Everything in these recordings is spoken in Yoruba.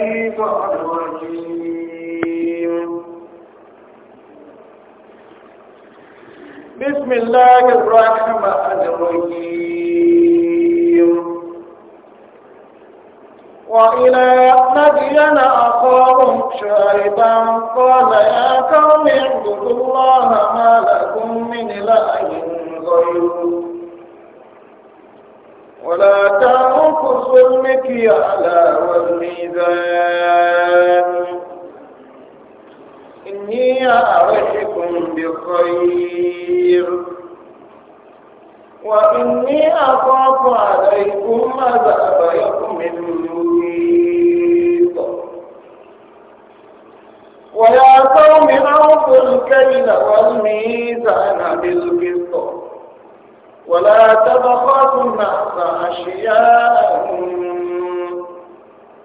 الشيطان الرجيم بسم الله الرحمن الرحيم وإلى نبينا أخاهم شعيبا قال يا قوم اعبدوا الله ما لكم من إله غيره ولا تنسوا ظلمك والمكيال والميزان إني أعرفكم بخير وإني أخاف عليكم عذاب يوم محيط ويا قوم أوفوا الكيل والميزان بالقسط ولا تبخسوا الناس أشياءهم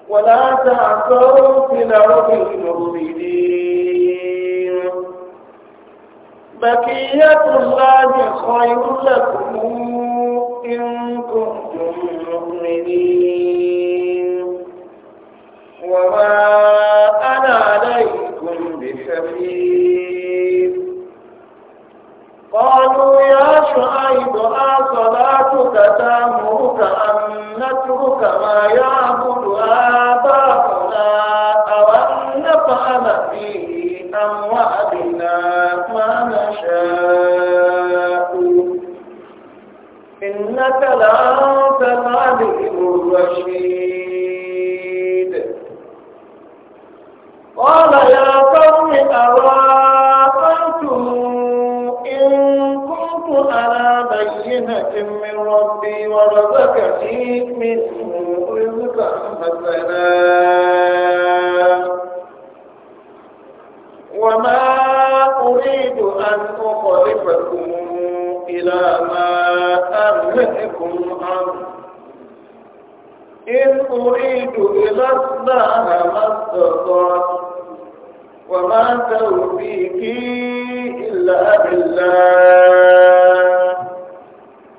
ولا تعثروا في الأرض المفسدين بقية الله خير لكم إن كنتم مؤمنين وما أنا عليكم بحفيظ قالوا يا شعيب أتامرك أن نترك ما يعبد ربي ورزقني منه رزقا حسنا وما أريد أن أخلفكم إلى ما أملككم عنه إن أريد إلى الله ما استطعت وما توفيقي إلا بالله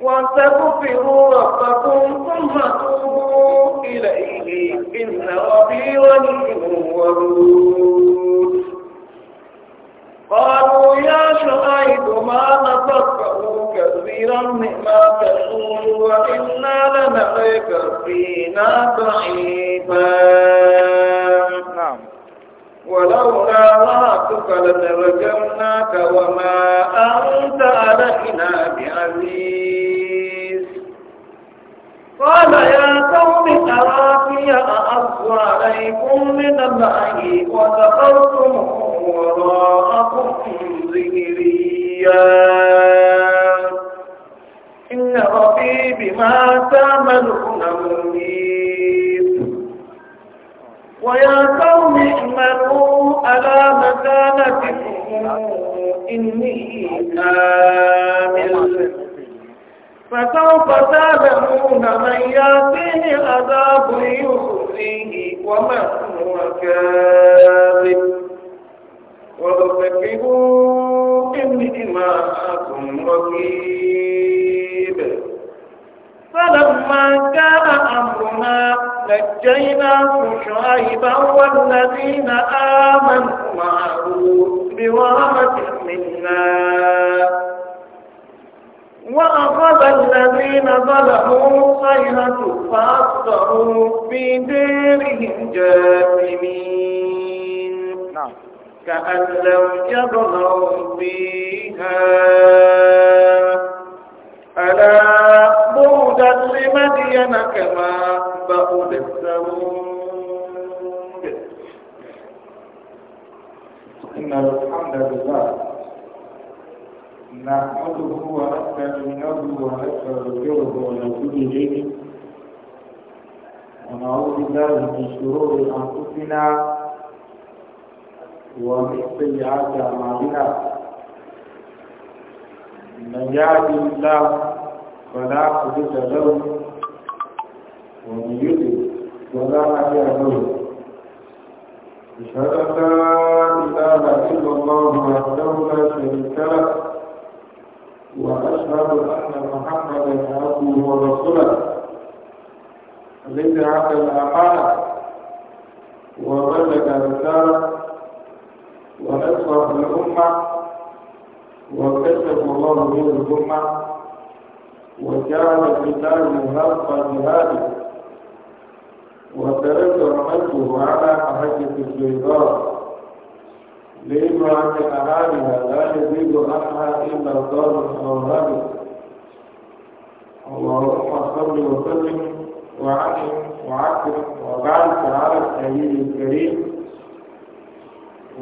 وتغفروا ربكم ثم توبوا إليه إن ربي غني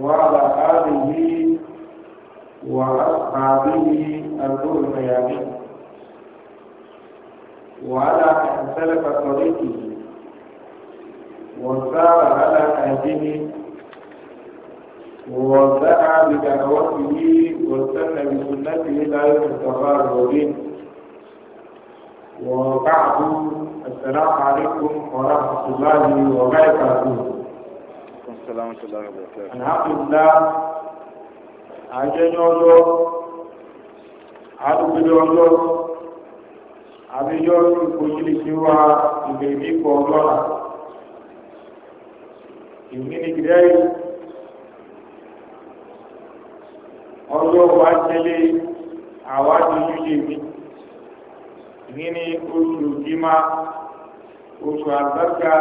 وعلى آله وأصحابه الغر الميامين وعلى من سلك طريقه وسار على نهجه ودعا بدعوته واستنى بسنته إلى يوم به الودين وبعد السلام عليكم ورحمة الله وبركاته sàlámù sàlámù bẹ̀rẹ̀. àlàáfíà àjẹyàn ọjọ́ àdúgbò ọjọ́ àbíyọ́ ìkòjìlì sí wa ìgbèmí kọ̀ ọlọ́ra ìmìnìgìdẹ́ ọjọ́ wa tẹ́lẹ̀ àwádìí yíyẹ mi ìní oṣù jímá oṣù àgbàkà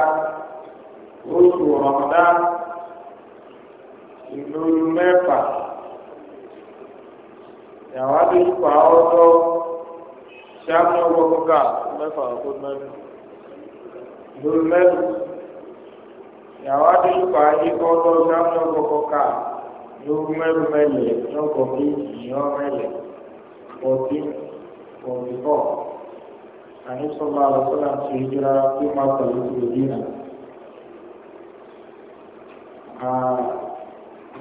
oṣù Ramadan ìlú mẹ́fà yàrá bí pa ọ́dọ́ sáàmù ọgbọ́gbọ́gà mẹ́fà ọdún mẹ́rin ìlú mẹ́rin yàrá bí pa ikọ́ ọ́dọ́ sáàmù ọgbọ́gbọ́gà ìlú mẹ́rin mẹ́lẹ̀ lọ́kọ̀ bí ìyàn mẹ́lẹ̀ fọ́tí fọ́tí fọ́ àníṣọ́gbà lọ́sọ́lá ti ìjọra tó máa pẹ̀lú ìlú dínà.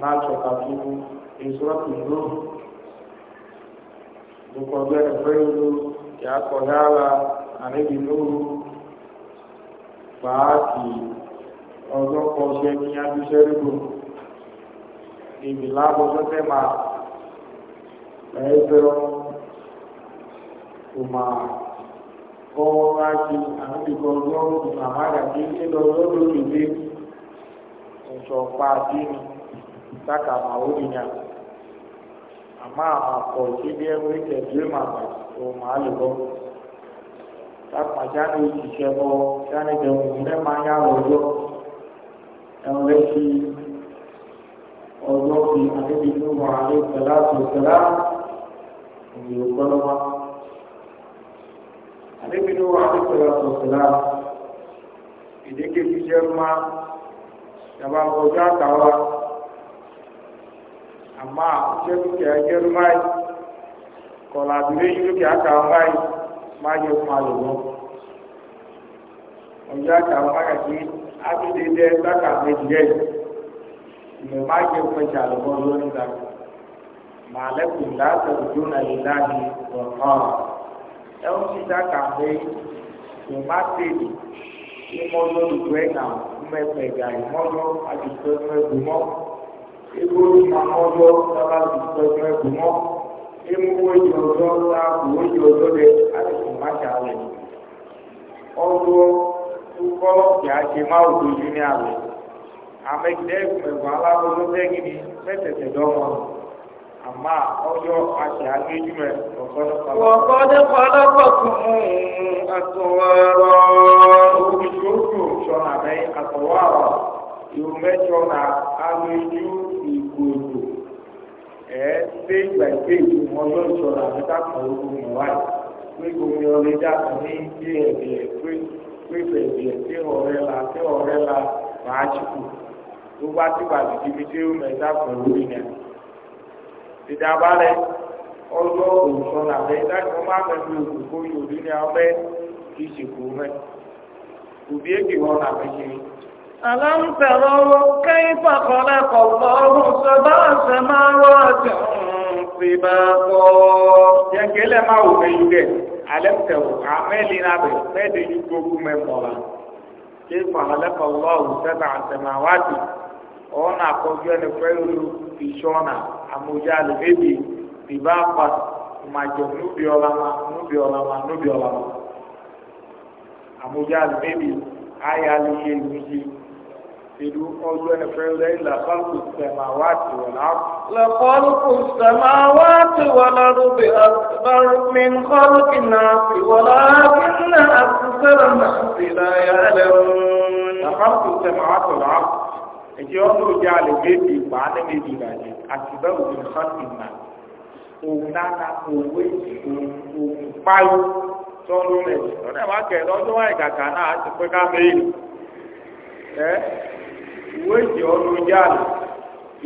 Mark chapter 2 in Surah Al-Nur. Tukuambia Ibrahimu yako dawa anabi Nuhu fàákì ọjọ́ kan ṣe ní adúṣẹ́rìgbò níbi lábọ́jọ́ tẹ́mà ẹ̀ẹ́fẹ́rọ kùmà kọ́ láti àmìkọ́ ọjọ́ ìgbàmáyà kí ní lọ lọ́dọ̀ ìgbé ìṣọ̀pá àdínì saka ma wurinya amma a kawai biyar wike girma ba to ma alibo ta kuma jani ìṣiṣẹ́ bọ́ jani jẹun ìṣẹ́ máa yá ọjọ́ ẹ̀rọ lẹ́sí ọjọ́ fi àdébìnú wọn àlẹ́ tẹ̀lá tó tẹ̀lá ìdí ògbọ́lọ́wọ́ àdébìnú wọn àlẹ́ tẹ̀lá tó tẹ̀lá ìdíkejì jẹ́ máa yàrá ọjọ́ àtàwọn. amma ce dukiya gero mai collaboration dukiya ka mai ma je kuma lo mo on ja ka ma ka ki abi de de ta ka me je me ma je kuma ja lo mo da ma la kun la ta juna lillahi wa qara e o si ta ka me me ma te ni ni mo lo du e ka me pe ga mo lo a ti to mo ego maka ọzọ tara nzụkọ bụ mọ ịmụ oji ọzọ ta bụ oji ọzọ dị adịkụmacha alị ọzọ ụkọ ma ogoju ní alị amegide mgbe dị tegini metete dọmọ àmà ọjọ́ àti àgbéjúmẹ̀ ọ̀kọ́dé pálápàkùn àtọ̀wárọ̀ oríṣiríṣi òṣùwọ̀n àbẹ́ àtọ̀wárọ̀ na gbogbo ẹ ṣe ìgbà ìgbé ìlú ọjọ́ àti káàkiri ogun ìwà pé omi ọlẹ́ dàtọ̀ ní ilé ẹ̀dẹ̀ pé pé bẹ̀rẹ̀ pé ọ̀rẹ́ la ọ̀rẹ́ la tó bá ti tí ó mẹ́ta pẹ̀lú ìyẹn. ọjọ́ ìdájọ́ yòó ní mẹ́ òbí wọn làbẹ́ kiri. ألم تروا كيف خلق الله سبع سماوات طباقا يقول ما هو بيده ألم تروا عمالي نبي فادي يقوكم الضلال كيف خلق الله سبع سماوات ona akɔjɔ ne fɛyolu fisɔna ìlú ọjọ́ ẹ̀fẹ́ rẹ̀ làkọ́lùkù sẹ̀máwáàtì wọ̀ láàrú. làkọ́lùkù sẹ̀máwáàtì wọ̀ láàrú bí akọ̀rọ̀ mi ń kọ́lùkì náà fi wọ̀ láàrú náà àkùsẹ̀rọ̀ náà sì láyà lẹ́rù. làkọ́lùkù sẹ̀máwáàtì wọ̀ láàrú. ẹ̀jẹ̀ ọdún òjá lè méjì wàá ní méjì ìbàjẹ́ àti bẹ́ẹ̀ òjò kọ́lùkì náà. òun náà òwe òun páyó tọ́lú rẹ̀ lọ́dẹ̀ wá kẹ̀ lọ́dún wáyé kàkà náà á ti pẹ́ ká ìwéjì ọdún jáàlì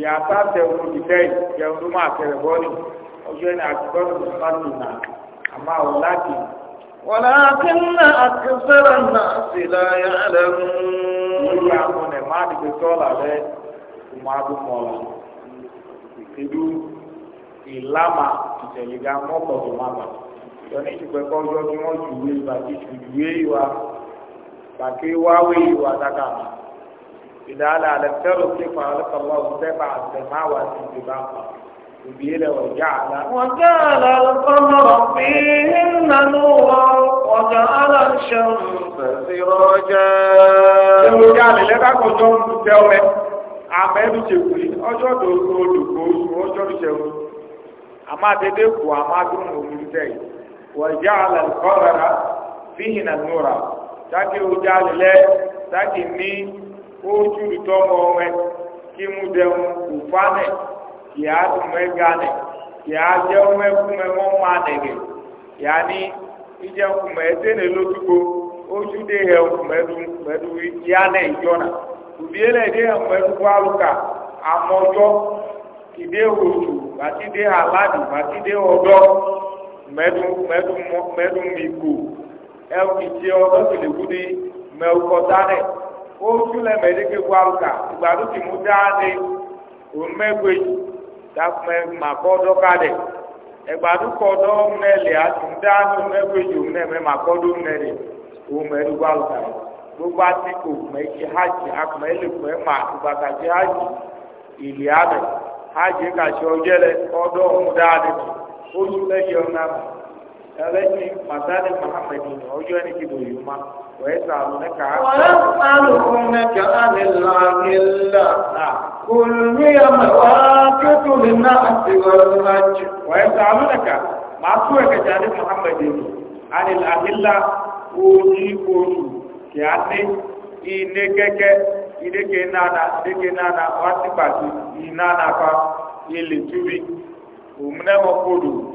yàtá tẹ̀wọ̀n dìtẹ́ ìjẹun máa tẹ̀rẹ̀ bọ́ọ̀lì ọjọ́ ní na sùpàtì náà àmà ò láti. ولكن أكثر الناس لا يعلمون. wọ́n yà wọn ẹ̀ má dìgbẹ́ sọ́ọ̀lá rẹ̀ kò má dùn mọ́lá. ìkédú ìlàmà ìtẹ̀lẹ́gà mọ́kọ̀ tó má bà. ìyọ̀nì ìtìpẹ́ kọ́jọ́ kí wọ́n jùwé ìbàdí ìwà ìdáhàlà àlẹ́tẹ́rù tí kò àlùkọ́lọ́ sẹ́fà àtẹ̀máwá ti ti bá pa òbí rẹ̀ ọ̀já àlá. wọ́n jẹ́ àlà ọlọ́rọ̀ bí nínú wọn ọ̀jà aláṣẹ́m fẹ̀sí rọ́jà. ìròyìn àlẹ́lẹ́ kákan jọ ń tẹ ọmẹ àmẹ́lú ṣèkùrí ọjọ́ dòdò olùkó ọjọ́ ìṣẹ̀wò àmàdédé kù àmàdún òmùtẹ́ yìí wọ́n jẹ́ àlà ọlọ́rọ̀ bí nínú wọn jáde ojú àlẹ́lẹ́ jáde ní ojú tọmọ wẹ kí mu dẹun kò fa nẹ kì á dùn mẹ ga nẹ kì á jẹun mẹ kú mẹ wọn má nẹgẹ yanni ìjẹun kù mẹ ẹsẹ nẹ lójúgbó ojú dé ẹun mẹdu mẹdu ya nẹ ìjọna òbíye lẹ dé ẹun mẹdu kó alùka amọjọ ìdé òjò bàtí dé aládùn bàtí dé ọdọ mẹdu mẹdu mẹdu mi kò kìí ṣe ọdọ tòlẹkù dé mẹ ọkọ o lẹ mẹ ẹdínkì kó alùkà dị kì mú dáadé òmẹgbẹ dàpẹ màkọ dọkadẹ ìgbàdo kọdọ mẹlẹ àti dáadé òmẹgbẹ yìí òmẹmẹ ma dọ mmeri òmẹ ẹdínkì alùkà gbogbo ati kò mẹ ẹkẹ hajj akọmẹ ọdọ ẹlẹ́ni màdáni mahamadi ọjọ́ ẹni tí mo yìí ma wọ́n ṣe àlùn ẹ̀ka. wọ́n alùpùpù mẹ́jọ ah. àmì làmìlà olùmíyà mẹ́wàá kẹ́tù mi náà ti wọ́n máa jù. wọ́n ṣe àlùn ẹ̀ka màá tún ẹ̀ka jáde mahamadi ni oṣù á ní ilé kẹ́kẹ́ ilé ilé ìnana pa ilé mọ́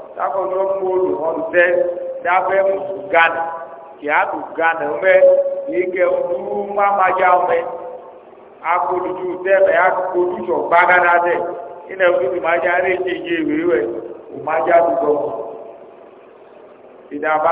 tako ni wọn mú olù wọn tẹ dábẹ mú gánà kìátù gánà mẹ ike mẹ akólúdú tẹ mẹ akólúdú gbàgánà tẹ ina wuli madza rẹ tsetse wíwẹ madza dùgbọ ìdàbà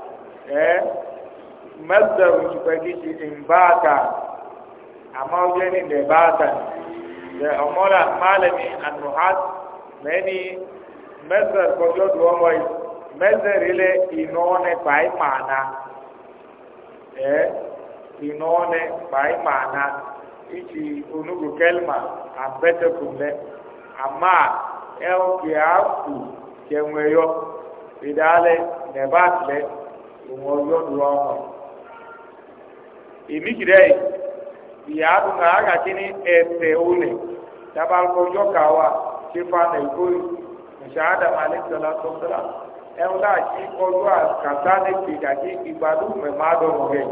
ẹ mẹsàrù ìpẹkìtì ìmbáàtà àmọ ọjọ ní dẹbàtà dẹ ọmọlá málẹmí ànúhàt mẹni mẹsàrù kọjọ tó ọmọ yìí mẹsàrù ilẹ iná ní pàì màánà ẹ iná ní pàì màánà ìtì onugu kẹlma àbẹtẹkùn lẹ àmà ẹ ọkẹ àkù kẹwọn ẹyọ ìdálẹ nẹbàtì òun ọjọ́ dùn ọmọ èmi kìí rẹ̀ ìyá àdùnkà àgàtí ní ẹ̀tẹ̀ olè tabalkọ ọjọ́ kà wá ṣífà nà ìgbóyè ìṣáádà sọ́sọ́lá ẹ̀hún náà ṣí kọjú àkàtà ní kìdàkì ìgbàdùn mẹ́ dọ̀rọ̀ rẹ̀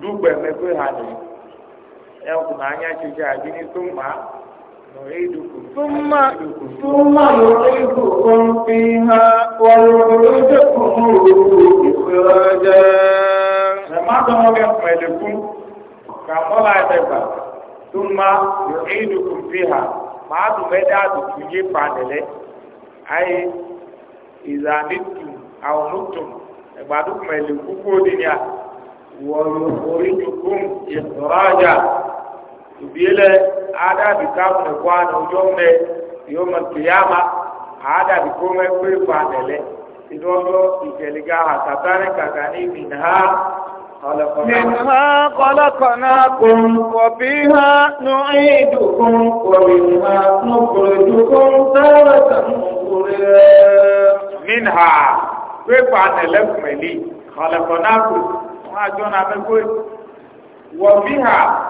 mẹ́ mẹ́ hàn ní ثم ثم نعيدكم فيها ونخرجكم إخراجا لما تمر يحملكم كما لا يتبع ثم يعيدكم فيها ما تمدع تجي فانلة أي إذا نتم أو نتم بعدكم اللي كفوا دنيا ونخرجكم إخراجا tubiele ada bi kamne kwana ujomne yoma kiyama ada bi kome kwe kwanele idogo ikeliga hasatane kakani minha منها خلقناكم وفيها نعيدكم ومنها نخرجكم تارة Minha, منها كيف أنا لكم لي خلقناكم ما جونا من وفيها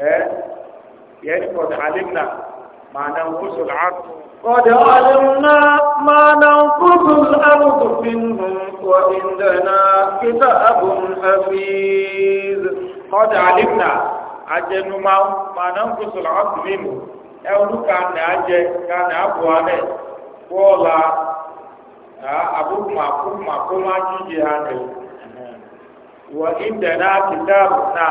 eh yani alimna ma nanqusu al-ard qad alimna ma nanqusu al-ard minhum wa indana kitabun hafiz qad alimna ajenu ma ma nanqusu al-ard minhum ẹwùn kan ní ajẹ kan ní abo alẹ wọọla abúkùmàkùmàkùmà jíjẹ na.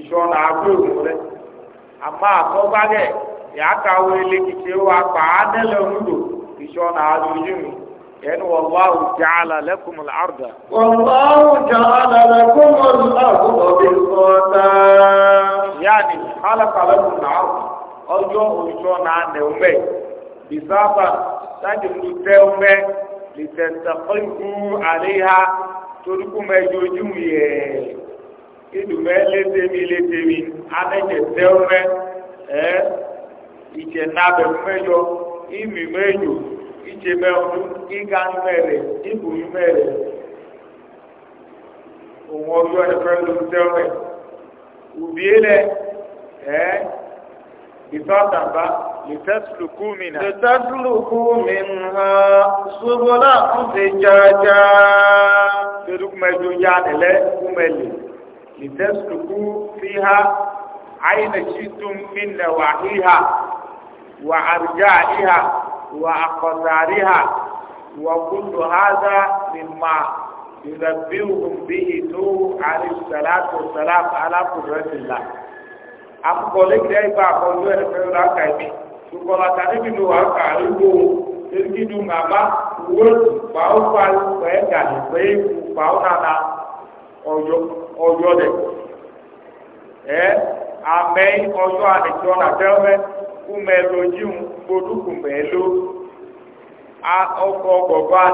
ìṣọ́nà àbúrò rẹ̀ àmọ́ àtọ́gbálẹ̀ yàtàwó elékìtì wa pàánẹ́lẹ̀ ńlò ìṣọ́nà àdójú mi ẹnu wàláwù jàálà lẹ́kùn àrùdà. wàláwù jàálà lẹ́kùn àrùdà bí sọ́dá. yáàni alákàlẹ́kùn náà ọjọ́ òṣìṣọ́ náà nẹ̀ ọmọ bisaaba láti mú tẹ́wọ́mẹ́ lè tẹ̀sán pẹ́ẹ́kú àléhà torí kó mẹ́jọ ojú yẹ̀ẹ́ ìdùmẹ́ létemi létemi anẹ́jẹ tẹ́wọ́mẹ́ ẹ́ ìtsẹ̀ nabẹ́ mẹ́jọ ìmì mẹ́jọ ìtsẹ̀ mẹ́wọ́dún ìganu mẹ́rẹ̀ ìbùnú mẹ́rẹ̀ òun ọjọ́ ẹ̀fẹ́ ló ń tẹ́wọ́mẹ́ òbíye lẹ ẹ́ ìtọ́tàbá lìtẹ́sùlùkú mi nà. lìtẹ́sùlùkú mi nà ṣùgbọ́n náà ń ṣe jájá. tẹ́lifù mẹ́jọ yá nílẹ̀ kú mẹ́lẹ̀. لتسلكوا فيها عين شئتم من نواحيها وأرجائها وأقطارها وكل هذا مما ينبئهم به نوح عليه الصلاة والسلام على قدرة الله akukɔle kiri ayi ba akɔlu yɛ fɛ la ka yi tukɔla ta ne bi do wa ka yi do eki do ŋa ba wo kpawo fa kpɛ ga ne kpɛ kpawo nana ɔyɔ ọjọ́ dẹ̀ ẹ́ amẹ́ ọjọ́ àdìjọ́ nàtẹ́wẹ́ kúmẹ́ ló jíun gbódú kùmẹ́ ló ọkọ̀ gbọ̀gbọ́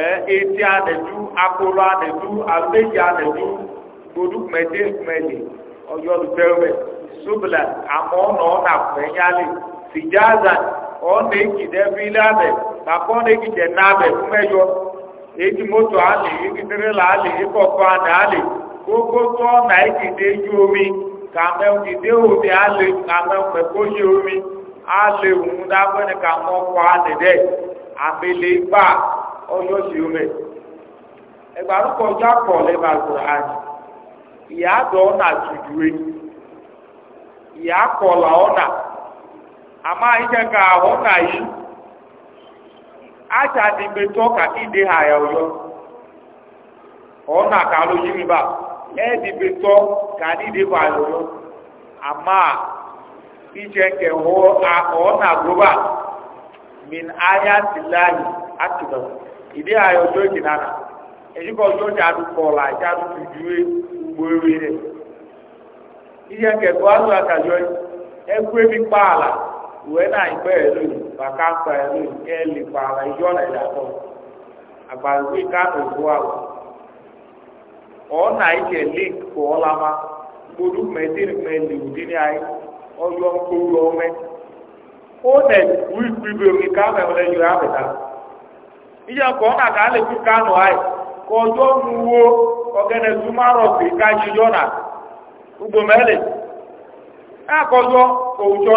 ẹ́ etí àdẹ̀dú akóló àdẹ̀dú àléjì àdẹ̀dú gbódú kùmẹ́ ọjọ́ àmọ́ ọ̀nà ọ̀nà fìjáàzà ọ̀nà èkìdẹ́bí lábẹ̀ èkìdẹ́ nábẹ̀ eji moto ali eji trela alị ịkọkọ ada gbogbo ogogo na ejide ju omi ka mejide omi alị ka mekpekoji omi alị ohun dagbere ka mọkọ adịde amele gba ọjọ si ome ẹgbàrúkọ jápọ̀ lẹ́bà kùrán ìyá dọ̀ ọ̀nà tùdúwe ìyá kọ̀ọ̀là ọ̀nà àmọ́ àyíkẹ́ka ọ̀nà yìí. acha dị ka ide ha ya ọ na-akalụ yiri ba edi mgbe ka ide ba ya ụyọ ama nke ọ na-agụba min aya tilahi atụba ide ha ya ụyọ e ji nana ejikọ ụyọ ji adụ ala. ìwé náà ìpẹ́ ẹ̀ bàkà pa ẹ̀ kẹ́ ẹ lè pa ara ìjọ́ ọ̀nà ìyàtọ̀ àgbàgbé káàtó ìbò àwọ̀ ọ̀nà ìjẹ̀ link kọ́ ọ́ lama gbódú mẹ́tìrì mẹ́lì òdì ní ayé ọ̀yọ́ nkóró ọmẹ ọ̀nà ìwú ìgbìbì omi káàmẹ̀ wọlé yóò àbẹ̀dá ìjọ kọ́ kano kà á lè fi ayé kọ́ ọjọ́ mu wo ọ̀gẹ́dẹ̀ fi náà gbogbo mẹ́lì ẹ̀ àkọ́jọ́ òwùjọ́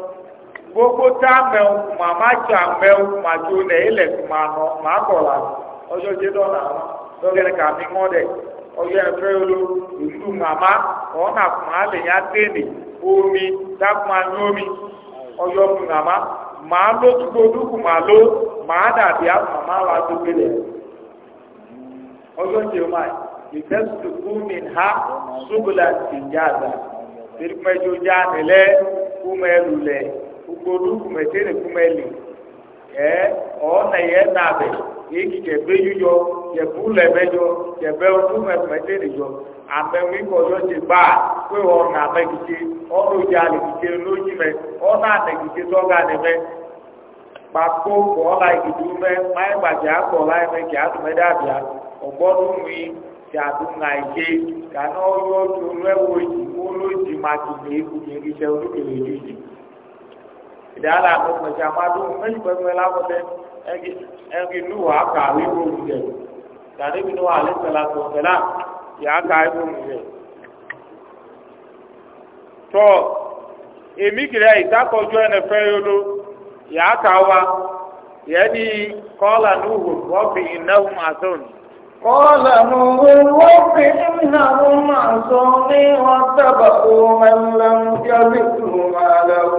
gbogbo tá a mẹ́wò mà má tsa mẹ́wò mà tso lẹ̀ ilẹ̀ mà nọ mà kọ̀ la ọjọ́ dé dọ́ nà lọ́gẹ̀ ní kàmi ŋọ́ dẹ̀ ọjọ́ yẹn fẹ́ ìlú màmá ọ̀nà kùmà lè yá tẹ́lẹ̀ omi dákùmà nyómi ọjọ́ màmá mà mà dàbí a màmá wa tó ọjọ́ ha ti dza dà dza nílẹ̀ lẹ̀. ugodu kumetene kumeli ɛɛ ɔna yɛ nabɛ eki dzɛbe yuyɔ dzɛbu lɛbɛ yɔ dzɛbɛ ɔdume kumetene yɔ amɛwi kɔyɔ ti ba kpe ɔna mɛ kite ɔna odza le kite n'odzi mɛ ɔna anɛ kite tɔga ne mɛ kpakpo kɔ ɔla idu mɛ mayi gbadza akɔ la yɛ mɛ dza atumɛ dɛ abia ɔgbɔdu nui dàdú nàìjẹ kàná ọyọ tó lẹwọ ìdìbò lójì máa ti lè kùnìyàn iṣẹ olókèlè lójì. ìdáhàlà àgbẹ̀gbẹ̀sẹ̀ àmàdó mẹ́jìgbẹ́gbẹ́ lábọ́lẹ̀ ala níwọ̀ àkà wíwọ̀ òwúrẹ̀ tàbí níwọ̀ àlẹ́ sẹ̀lá tó sẹ̀lá yà ákà wíwọ̀ òwúrẹ̀. tọ́ èmi kìlẹ̀ ìdákọ̀jọ́ ẹ̀nẹ̀ fẹ́ yọlọ yà ákà wa yẹ́ni kọ́là níwọ̀ wọ́pì ìnáwó màtọ́ni. قال نور رب إنهم عصوني واتبعوا من لم يزده ماله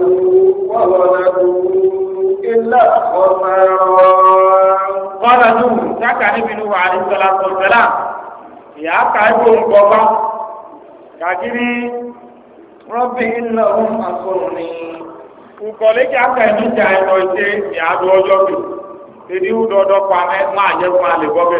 وولده إلا خسارا قال نور ذكر ابن عليه الصلاة والسلام يا كاجون بابا كاجري رب إنهم عصوني nkọlẹ kí aka ẹni dza ẹnọ ẹdẹ ìyá do ọjọ́ bi èdè wù dọdọ pa ẹ má yẹ fún alẹ bọbẹ.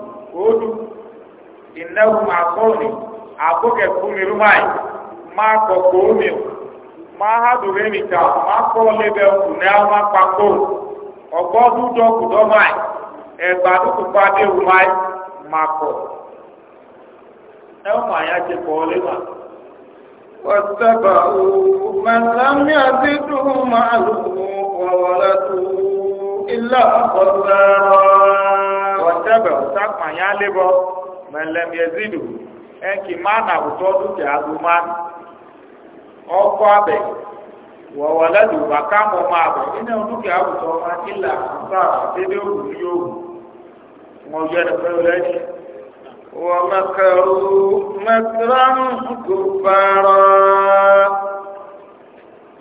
kóòdù ìnáwó máa kọ́ọ̀nì àkókẹ́ fún mi rúmáì máa kọ̀ kóòmì máa hádùrẹ́ mi máa kọ́ lébẹ̀ òkú náà máa pa kó máì ẹ̀gbà ma pàdé rúmáì máa kọ̀ ẹ̀wọ̀n àyájẹ́ dẹ́bẹ̀ ọ̀tá pààyàn lébọ̀ mẹlẹ́mì ẹ̀zídù ẹ̀kì má nà àwùjọ dúkìá ló má ọkọ abẹ wọ̀wọ̀ lẹ́dù bàkà mọ́ máa bẹ̀ nínú dúkìá àwùjọ má kílà àkùsà dédé òwú yóò wù wọn yẹ ẹni pẹ́ lẹ́yìn. ومكروا مكرا كبارا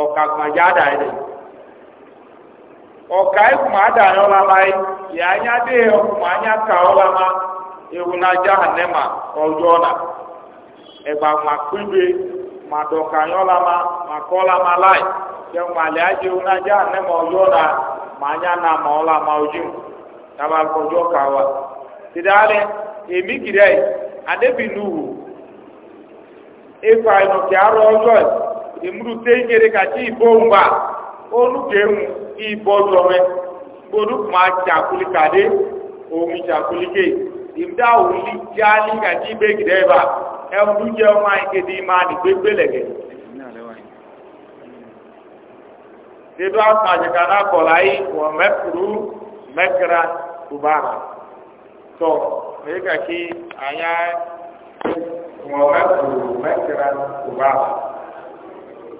ọ̀ka gbọ̀njá àdá yìí ọ̀ka ẹ̀kùn àdá yìí ọ̀làmà yìí yà á nyá dé ọ̀kùn ànyá ká ọ̀làmà ewu n'adza hanẹ́mà ọjọ́ ọ̀nà ẹ̀gbà mà kpébe mà dọ̀ka yìí ọ̀làmà mà kọ́ ọ̀làmà láì yẹ mà lẹ́ adé ewu ọjọ́ ọ̀nà mà mà ọ̀làmà ọjọ́ tàbá kọjọ́ ká èmi kìdá yìí wò éfà ìnùkì arọ ọjọ́ yìí. emuru te nyere kacha ibo mgba onu ga ịbọ ibo lọwe ma chakuli kade omi chakulike imda wuli jali kacha ibe gide eba ẹwùdú jẹ ọmọ àyíké di ní gbégbé lẹgẹ. Dédú àwọn àjẹkà náà èyí kàkí àyà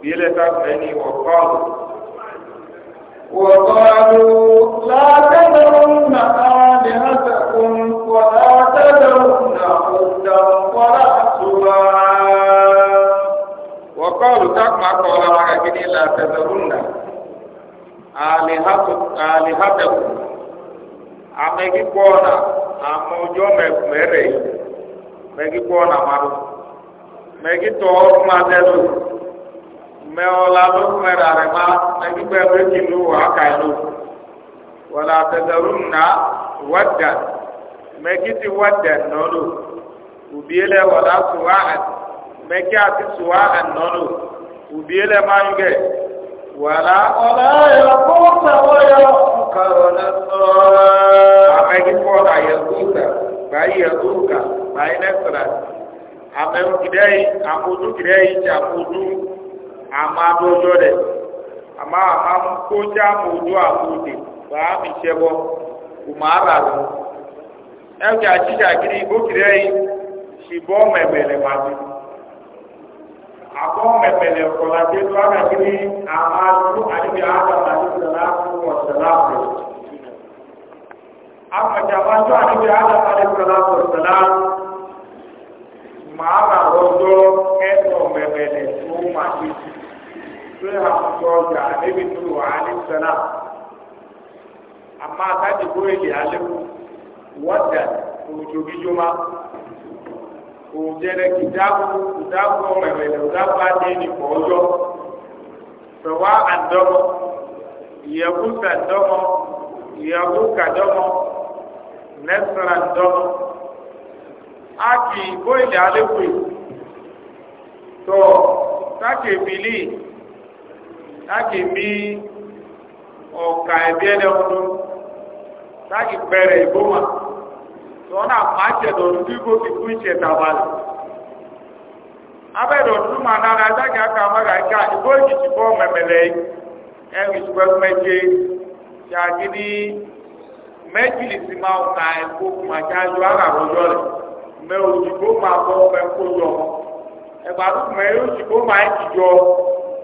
ìbílẹ̀ káfẹ́ ní ọ̀pọ̀lù. وقالوا لا تذرن آلهتكم ولا تذرن ودا ولا سواء وقالوا كما قال معك لا تذرن آلهتكم amegi kpɔna amɔdzɔ mɛrɛ mɛgi kpɔna ma do mɛgi tɔ mɛ ọla ló mɛ ra rɛ ma ɛdigbo ɛfɛ ti nu wɔ lo na wada mɛ kiti nọ nɔlo obi lɛ wɔla suwa mɛ kí nɔlo obi lɛ ma yugɛ ɔlɛ yɔ kó sɛwɔ yɔ kɔrɔ lɛ sɔɔ. amɛ kikɔ la yɛ kó sɛ bayi yɛ kó ka bayi lɛ amɛ yi yi àmà dọdọ rẹ àmà àmà kódza mọdọ àmọdè bàá mi tsẹ bọ kùmà àrà lọ ẹwùjẹ àtsidza kiri bókiri ẹyìn tsibọ mẹmẹlẹ wà bi àbọ mẹmẹlẹ kọlá dé tó àmà kiri àmà lọ àdébí àdà àdébí sọlá fún ọsọlá fún àmàdza wà tó àdébí àdà àdébí sọlá fún ọsọlá màá bà lọ dọ ẹtọ mẹmẹlẹ tó má ti tu sai hamsin ga annabi nuhu alaihi salam amma ta ji koyi da alim wadda ko jogi juma ko jere kitabu kitabu mai mai da zaba ne ni ko jo sawa an domo ya kusa domo ya buka domo nasara domo aki koyi da alim to take táàkì bí ọ̀kà ẹ̀bí ẹ̀dẹ̀ ọdún táàkì pẹ̀rẹ̀ ìgbóma tọ́nà máa jẹ̀dọ̀ ọdún bí gòkè fún balẹ̀ abẹ́dọ̀ ọdún máa nára aka amára ìka ìbò ìjìjì mẹ̀mẹ̀lẹ̀ ẹ̀rì ìṣùgbẹ́ mẹ́jẹ ṣàgídí mẹ́jìlìsì máa ń ka máa ẹ̀kọ́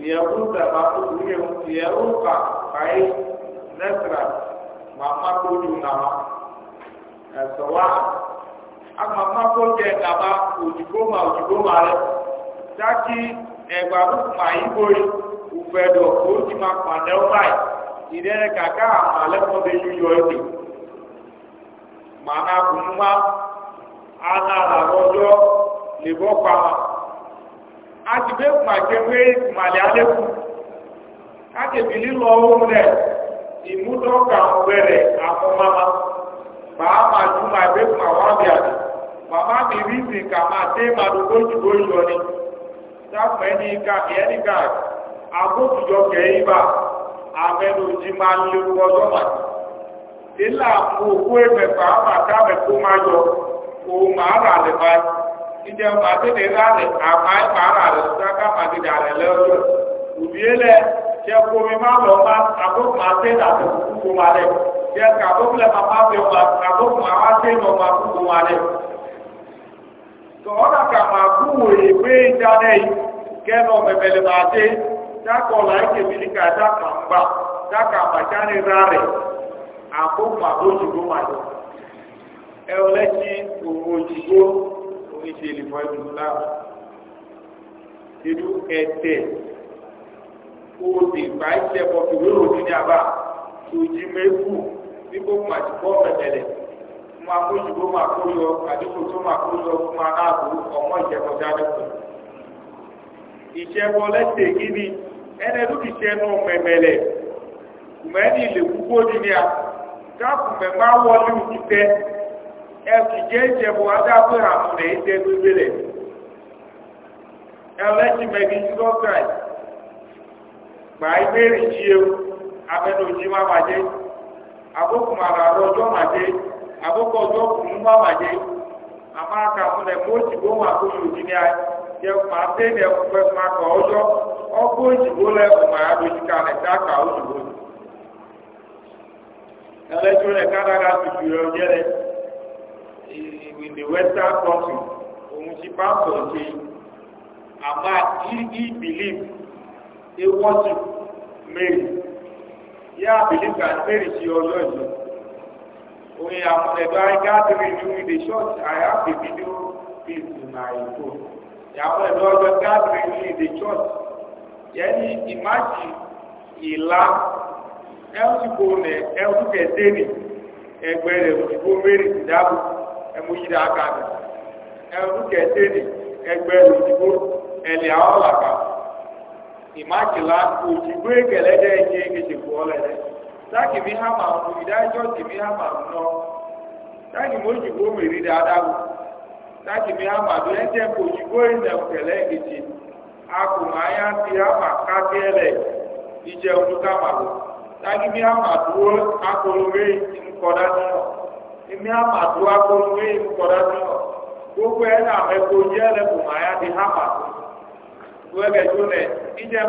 liyaruda makuduye liyaruka kai nesra mama kodu nama ẹsọwa eh, ama ah, mako jẹ naba òdìgbò ma òdìgbò ma rẹ daki ẹgba lukuma ibo yi ufẹdọ oti ma kpandẹ ọbai ìdẹrẹ kaka ama lẹ kọ bẹ yuyọ ẹdi mana kuma ana la rọjọ lebọ kpama. àtìgbé pàjẹwé màlẹ́ alẹ́kù dị, lílọ ohun rẹ̀ ìmúdọ́gà ọ̀rẹ́rẹ̀ àwọn mama bàá máa ma máa gbé pa wá bí àdé màmá mi rí máa dé máa ni ní ká ìyẹn ní ká kẹ́yìn bá àmẹ́nu òjì máa ń lé ọjọ́ màdì ilé àpò mẹ́kó máa yọ òun máa rà ìjẹ pàtó ní rárẹ àmàì pàrà rẹ sàkà màdì dàrẹ lẹrú òbíye lẹ jẹ kómi má lọ má àbókùn àti ìdàtò kúkú wa lẹ jẹ kàbókùn lẹ màmá bẹ wà àbókùn àwọn àti ìnà wà kúkú wa lẹ. tọ́wọ́n kà má kú wòye pé ìdáná yìí kẹ́nu mẹ̀mẹ̀lẹ̀ máa dé dákọ̀ láì kèmílì ká dákà ń gbà ní ṣe ìlìfọ́ ẹ̀dùn islam irú ẹ̀tẹ̀ òdì bá ìṣẹ̀bọ̀ ìwé òdì ní àbá tòjì mẹ́kù bí kò mà ti bọ́ mẹ́tẹ̀lẹ̀ mo akóyìnbó mà kó yọ àdínkù tó mà kó yọ fún ma náà bò ọmọ ìṣẹ̀bọ̀ jáde kù. ìṣẹ̀bọ̀ lẹ́sẹ̀ kí ni ẹnẹ lókì ṣẹ́nu mẹ̀mẹ̀lẹ̀ kùmẹ́ni ìlẹ̀kú gbódì ní a káàkùmẹ̀ má wọlé òkútẹ́ ẹ̀kìjẹ́ ìjẹ̀bù adágbé àmúlẹ̀ ìdẹ gbégbélẹ̀ ẹlẹ́tìmẹ̀gì jesus christ gbà ìbéèrè jí ewu abẹ́nujì má bàjẹ́ àkókò màrà ọjọ́ màjẹ́ àkókò ọjọ́ kùnú má bàjẹ́ àmọ́ àkàmúlẹ̀ mọ́tì bó wà kó yòókì ní ayé jẹ́ kùmà tẹ́lẹ̀ ẹ̀kùnfẹ́ kùmà kọ̀ ọjọ́ ọkọ̀ òjìbó lẹ́kùn màá dojú kalẹ̀ dáka òjìbó ẹlẹ́tìmẹ̀ kádára tutù yọ jẹ́rẹ̀ẹ́ in the western country òun ti pastor ṣe àmọ́ he believe he worship Mary yeah believe that Mary ṣe ọjọ́ ìjọ òun àmọ̀lẹ́dọ̀ I gathering you in the church I have the video piece in my phone ìyàwó ẹ̀dọ́ ọjọ́ gathering you in the church yẹn ni imagine ìlà ẹ̀wùsùkò nẹ̀ ẹ̀wùsùkò ẹ̀dẹ́nì ẹgbẹ́ rẹ̀ òyìnbó Mary ti dábò. ẹmu yìí dà ká mi kẹtẹ ni ẹgbẹ òdìbò ẹlẹ àwọn làkà ìmákìlá òdìbò ìkẹlẹ dẹ ẹyẹ ìkejìkù ọlẹ dẹ sáàkì mi hàmà ọmọ ìdájọ tì mi nọ sáàkì mi òdìbò mèrì dáadáa sáàkì mi hàmà do ẹjẹ òdìbò ìnà ìkẹlẹ ìkejì akùnmọ̀ ayé àti hàmà kákẹ́lẹ̀ ìjẹun ká màlúù sáàkì mi èmi àmàdó akọlùwé ìmúkọ̀dá tó lọ gbogbo ẹ̀ náà ẹ̀kọ́ jẹ́ ẹlẹ́bùn àyà ti hàmà wẹ́lẹ̀ tó lẹ̀ níjẹ́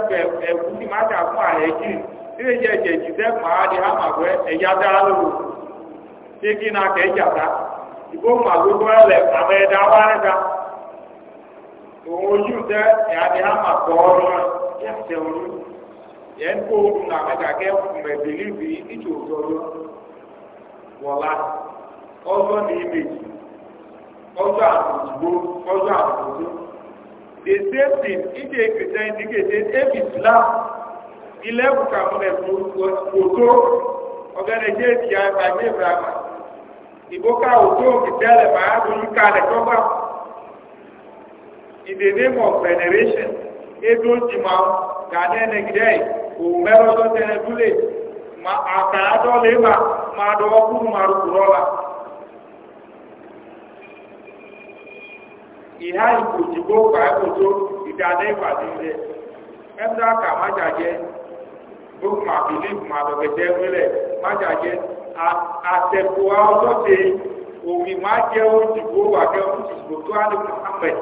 ẹ̀kú ti má dà fún àyẹ̀ jì nílé jẹ́ ẹ̀jẹ̀ jì sẹ́kùn àyà ti hàmà wẹ́ ẹ̀yà dára kí náà kẹ́ jàdá ìbò ẹlẹ̀ àmọ́ ẹ̀dá wá ẹ̀dá òun ojú tẹ́ ẹ̀yà ti yẹ́ ọzọ na-emeji ọzọ àbùtùgbò ọzọ àbùtùgbò the same thing if a Christian indicated if Islam eleven kamunet foto organization ya gbàgbé ìbrahima ìbò òtó òkìtẹ́lẹ̀ máa lóyún kalẹ̀ tọ́gbà in the name of veneration edo jìmọ̀ gàdé nìgídẹ́ òun mẹ́rọ́dọ́ tẹ́lẹ̀ dúlé àkàrà dọ́lé mà máa dọ́wọ́ kúrú màrúkú rọ́lá. ìhá ìkòjìbó pàápòjó ìdáná ìpàdé ilẹ̀ ẹ̀sẹ̀ àkà májàjẹ́ gbogbo ma ma bẹ̀bẹ̀jẹ́ wílẹ̀ májàjẹ́ àtẹ̀kù ọlọ́dẹ omi máa jẹ́ òjìbó wàkẹ́ òjìbó tó á muhammed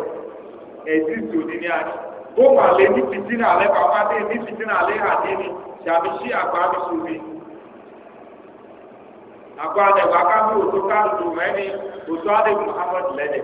ẹ̀sìn ìsòdì ní àná gbogbo àlẹ́ ni ka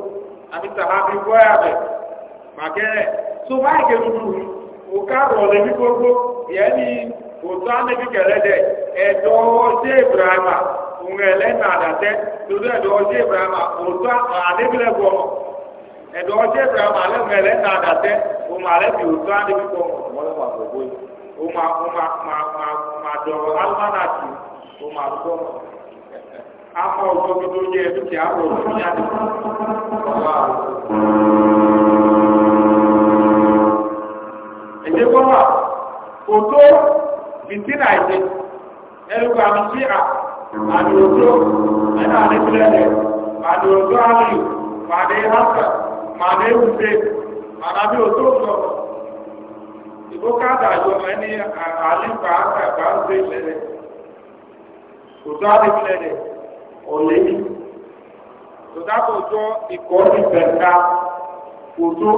àbí sàhábí bọ́yà bẹ̀ màkẹ́rẹ̀ tó báyìí kẹ́ tuntun kò kárọ̀ lè ní gbogbo yẹ́ ní òtọ́ anẹ́bí kẹ̀lẹ́ dẹ̀ ẹ̀dọ́ ọjẹ́ ìbrahima òun ẹ̀lẹ́nà àdàtẹ́ torí ẹ̀dọ́ ọjẹ́ ìbrahima òtọ́ anẹ́bílẹ̀ bọ̀ ẹ̀dọ́ ọjẹ́ ìbrahima alẹ́mọ̀ ẹ̀lẹ́nà àdàtẹ́ òun alẹ́bí òtọ́ anẹ́bí bọ̀ ọmọlẹ́wà gbogbo òun máa dọ̀rọ̀ almanaki òun máa dọ̀rọ̀ akọ ọgbọ́n tó jẹ́ dúkìá rọ̀ fún yàtọ̀ ọ̀la. Èdè gbọ́nà kò tó fìtínà ìdè ẹlùkọ́ àmì sí à àdìròjò ẹ̀nà àdìpìlẹ̀lẹ̀ àdìròjò àmì màdé hásà màdé wùdé màdàbí òtó sọ. Ìgbókàdà yọ ẹni àlífà àgbà ń gbé ìṣẹ̀lẹ̀. Kò tó àdìpìlẹ̀lẹ̀ ọ̀lẹ́ yìí. Tòdátò tó ikọ̀ ìbẹ̀ta kòtó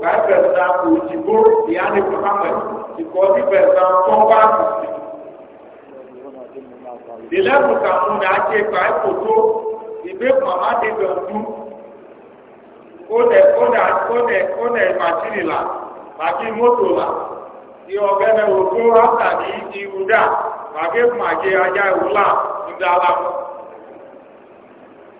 gbàgbẹ̀ta òjìbó ìyáni Muhammed ikọ̀ ìbẹ̀ta tọ́gbà àkùsì. Ìdílẹ́kùn kàmú ni a ṣe gbà kòtó ìgbé màmá dèbè ojú. Kódè kódè kódè kódè màṣínì là màbí mọ́tò là ní ọgbẹ́ náà òkú rántà ní ìwúdà màbí màjẹ ajá ìwúlà ń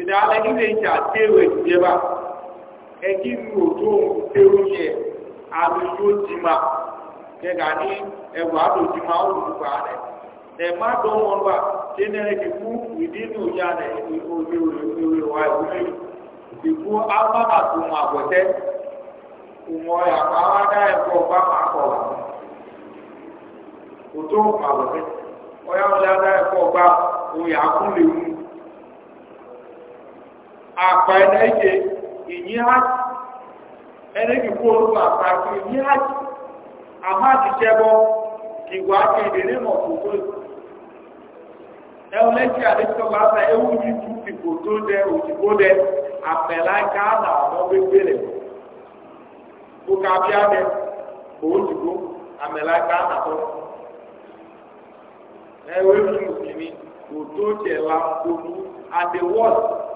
ìdá ẹgbẹ́ ìṣẹ́ àti èrò ìjẹba ẹgbẹ́ ìlú òjò èrò yẹ àlùyó jìmá kẹgà ní ẹwà àlùjìmá olùdùgbà rẹ ẹ̀má dán wọn wà ṣé ní ẹni kú ìdí ní òyà rẹ òye òye wa ìwúlẹ̀ ìkú ábábà tó mọ àbọ̀tẹ́ ìmọ̀ ìyàpá wa dá ẹ̀kọ́ bá máa kọ̀ wá wọn dá ẹ̀kọ́ bá kú lè mú. àpá ẹnẹ́gẹ ìyí hajj ẹnẹ́gẹ kó orúkọ àpá ẹkọ ìyí hajj àmọ́ àtijẹ́ bọ́ ìwà akéde ní mọ̀kòkò ẹ̀wọ̀n lẹ́tí àdéṣọ́gbà àtà ewu ní ju ìbò tó dẹ òdìbò dẹ àpẹ̀lá gáàlà ọmọ gbégbé rẹ̀ kó ká bí adẹ òdìbò àmẹ̀lá gáàlà tọ́ ẹ̀wọ̀n ètò ìsinmi òtó jẹ̀ la olú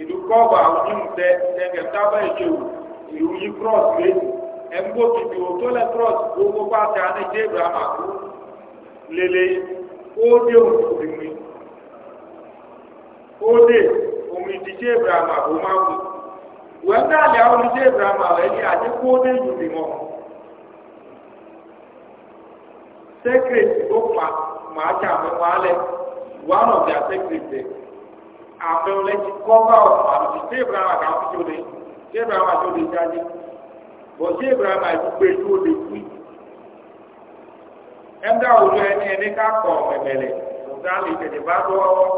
ìlú kọ́ọ̀bù àwọn onímùtẹ́ ẹgbẹ́ tábà ìjòwò ìlú yí cross méjì cross gbogbo pàtẹ anéjẹ ibrahima kú lele ódé òmìnirí ódé òmìnirí ibrahima kò máa wù wẹ́n náà lè àwọn oníjẹ ibrahima rẹ ní àdínkù ódé ìjùmí mọ́ àfẹ́wọn lẹ́tí kọ́fà ọ̀sán àti ṣé ibrahima kà ń fi ṣe ṣé ibrahima tó lè jáde bọ̀ ṣé ibrahima yìí gbé tó lè kú ẹ̀ńdà òjò ẹni ẹni ká kọ̀ ọ̀gá lè bá tọ́ o tẹ̀lé bá tọ́ ó náà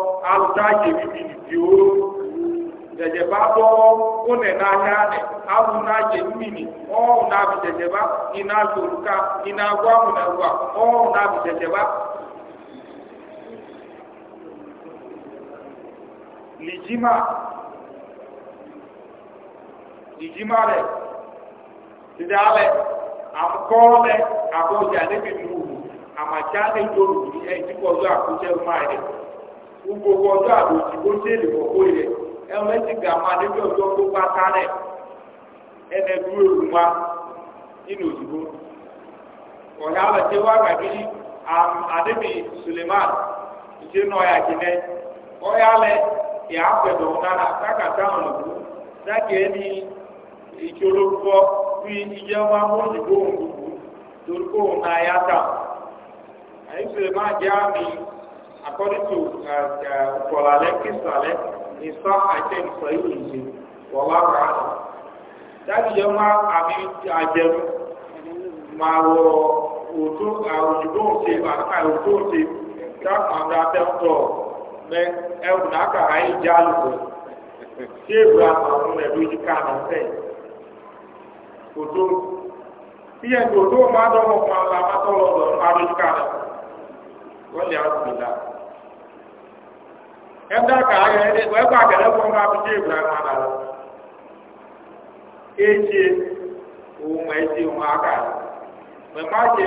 yá nẹ̀ alùtájẹ bíbí nì ọ̀hún náà bá iná iná gbọ́ ọ̀hún náà bá lìjímà lìjímà rẹ̀ dídálẹ̀ àkọọ́lẹ̀ àkójà níbi mùrù àmàjá ní ìjọrù ní ẹjí kọjọ́ àkójẹ́ ọmọ rẹ̀ gbogbo kọjọ́ àdòjì bó ṣe lè kọ̀kọ́ rẹ̀ ẹ̀wọ̀n ẹ̀jì gàmà níbi ọjọ́ tó bá sárẹ̀ ẹnẹ dúró nínú òdìbò ọ̀yà àdébì ọ̀yà ọ̀yà ìhàpẹ̀dọ̀ ọ̀nàrà kákàtà ọ̀nà kú dákẹ́ ní ìṣòro kọ́ fi iye wa mú ìbò òun kúkú torí kó òun náà yá tà. àyíṣe máa jẹ́ àmì àkọ́dítò ọ̀kọ̀lálẹ́ kìsàlẹ́ ní sọ àìsẹ́ ìlú ìṣe kan. àmì máa wọ àti ká àwọn abẹ́ ń tọ̀ mɛ ɛwɔ n'aka ha yi dza tí ewu ama mɛ kòtó kòtó dɔ mɔ ala ma tɔ lɔ dɔ má lóyún ká nà wọ́n la ɛdá ka ayɛ ɛdí wọ́n ɛgbà kɛlɛ fún ma fi tí ewu ama nà lọ étsie òun mɛ aka mɛ tsie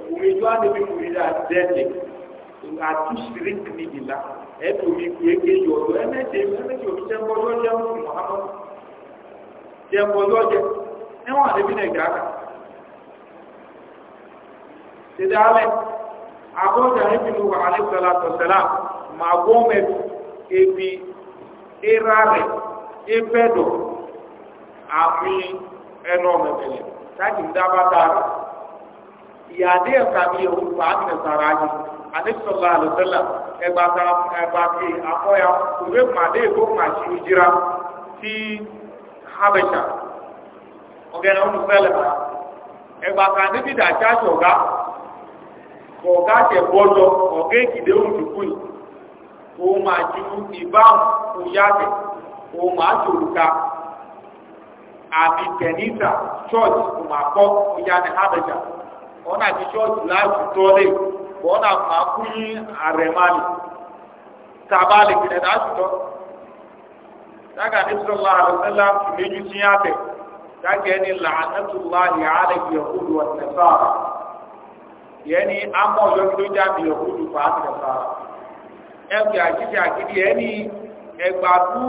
kuedwa ne bi kue ɖe adɛnɛ atu sirik ni bi la ɛtu mi kue ke yɔ do ɛnɛ de ɛnɛ de omi tɛnbɔ yɔ dɛ ŋu muhammed tɛnbɔ yɔ dɛ ɛwɔ ale bi ne gaa kan tɛdɛ alɛ abɔ jahɛ bi mu wa ale sɛlɛ sɛlɛ ebi ira rɛ ebɛ do ami ɛnɔ mɛ mɛ lɛ taki daba ìyáde ẹ̀ka mi yòówù fà á tẹ̀ sára yìí anisọlá alùsẹlẹ ẹgbàta ẹgbàti afọyà òwe màdé èkó màṣí ìjìra ti habẹsà ọgẹnà olùsẹlẹ ẹgbàta níbi dàjà ṣọgá ọgá tẹ bọlọ ọgá èkìdé olùdókòwò yìí òun màjú ìbáwọn òyàtẹ òun màá tòlùka àbí tẹnísà church òun àkọ òyàtẹ ọ̀nà àti ṣọ́ọ̀ṣì láti tọ́lé ọ̀nà àkú yí àrẹ̀mánì tàbá lè gbìnẹ̀ láti tọ́. Dága ní sọ́lá àrùsẹ́lá méjì tí yá tẹ̀. Dága ẹni làánẹ́tùlá ìhàlẹ̀ ìyẹ̀kúdù ọ̀tẹ̀ sáà. Yẹ́ni ámọ̀ ọ̀yọ́ kí ló já bí ìyẹ̀kúdù fà á tẹ̀ àgídí àgídí ẹni ẹgbàdú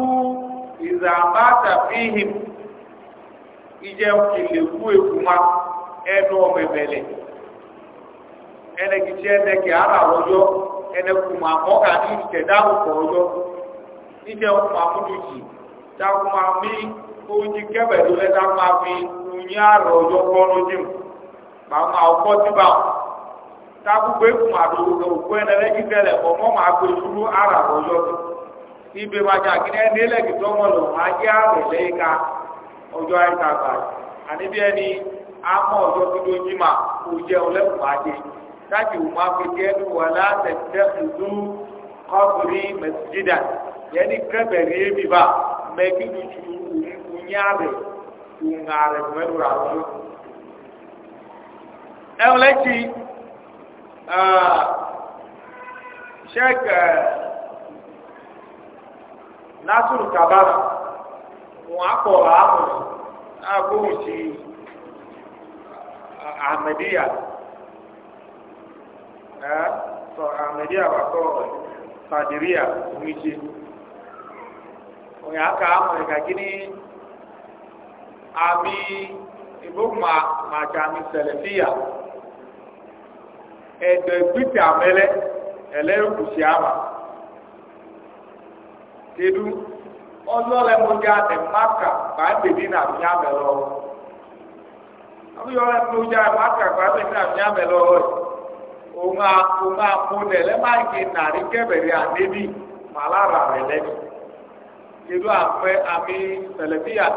ìzàmbá tàfíhìm ìjẹun kìlè èkúmá. ẹnu ọmẹmẹlẹ ẹnẹkìtì ẹnẹkì ara ọjọ ẹnẹkùnmọ àmọkà ní ìtẹdáwùkọ ọjọ níjẹ ọkùnmọ àmúdùjì takùnmọ àmì oúnjẹ kẹbẹdó lẹtakùnmọ àmì oúnjẹ àrọ ọjọ kọrọ jẹun màmá ọkọ tìbà takùnmọ ẹkùnmọ àdókò òkú ẹnẹlẹkì tẹlẹ ọmọ màá gbé dúró ara ọjọ tó ibe wájà kí ẹni máa jẹ àrẹ lẹyìn ká ọjọ ẹni. àmọ́ ọjọ́ tó dojú ma kò jẹun lẹ́kùn adé káàkiri wò máa fi jẹ́ ní wàlá tẹ̀síṣẹ́ ìlú kọ́kùnrí mẹ̀sídìdà yẹn ní kẹ́bẹ̀rẹ̀ èmi bá mẹ́kí tuntun ònyàrẹ̀ ònyàrẹ̀ mẹ́rù àwọn. ẹ̀wọ̀n lẹ́kì sẹ́kẹ̀ nasiru kabara wọn akọ̀ àmọ̀ àbóhùn sí i. ahmadiyya ẹ sọ ahmadiyya wà kọ sadiriya oníṣe òyà ká ami ẹ̀ka gíní àmì ìbùkún àti àmì sẹlẹfíyà ẹ̀dọ̀ ìpìtì àmẹ́lẹ́ ẹ̀lẹ́rùkùsì àmà tẹ̀dú ọlọ́lẹ́mọdé àmì máka bá ń dèbí nà ní àmẹ́lọ́wọ́. yọ ẹgbẹ́wùjà wà kàkọ́ abẹ́ ní àmì àmì lọ́wọ́ òun à òun à mú nẹ̀ lẹ́ nàrí kẹ́bẹ̀rẹ̀ àdébì màlára rẹ̀ lẹ́nu àmì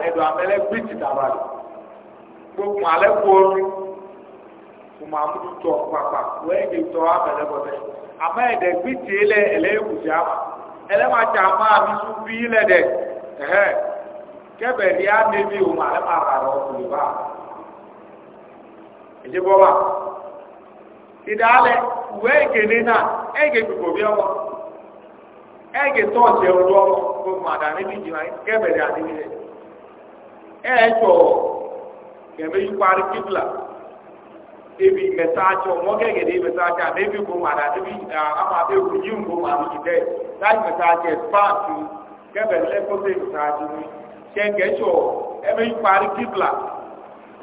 ẹ̀dọ̀ àmẹ́lẹ́ gbìtì dàbà gbogbo kú omi kò máa mú tutù ọ̀pàpà wẹ́ẹ́ di tọ́ àmọ́ ẹ̀dẹ̀ gbìtì àmà ẹlẹ́màjà àmà àmì sùn àdébì òun rẹ̀ ìdíbọ́wà ìdálẹ̀ ìwé ìgèlè náà ẹ̀gẹ̀ gbogbo bí ọmọ ẹ̀gẹ̀ tó ọ̀jẹ̀ ọmọ gbogbo àdáni méjì wáyé kẹ́bẹ̀rẹ̀ àdébí rẹ̀ ẹ̀ kibla parí ebi mẹta atsọ mọ gẹgẹdẹ mẹta atsọ amebi gbogbo àdáni bí gbogbo láti mẹta lẹ́kọ́sẹ̀ mẹta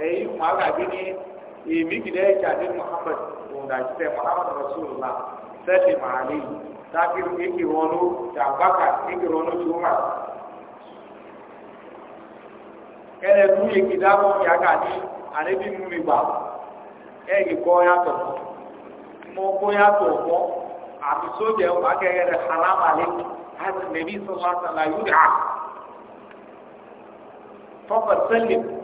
eyi kuma ga ní imi gida ya muhammad wanda muhammad rasulullah sai ma'ali ta kiri yake rono da baka yake rono cuma kẹlẹ yẹ gida mọ ya ga ni alebi mu mi gba ẹ yìí ya tọ mọ kọ ya tọ mọ sójà ẹ haram yóò dà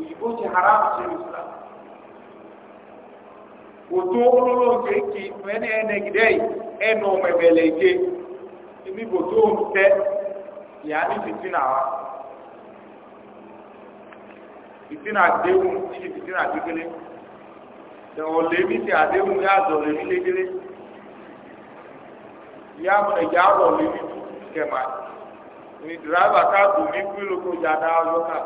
òyìnbó ti haram ṣe ìsúra òtó olólùfẹ́ kì í fún ẹni ẹnẹgidẹ́ yìí ẹnu ọmọ ẹ̀bẹ̀lẹ̀ ike ibi kò tó ń tẹ ìyá ní fìtínà wa fìtínà déhùn níbi fìtínà kékeré tẹ̀wọ̀n lèmi ti àdéhùn yá àzọ̀ lèmi lékeré yá ẹ̀já rọ̀ lèmi kẹ̀mà ní dìrábà káàtó mi kú lóko jáde àwọn lọ́kà.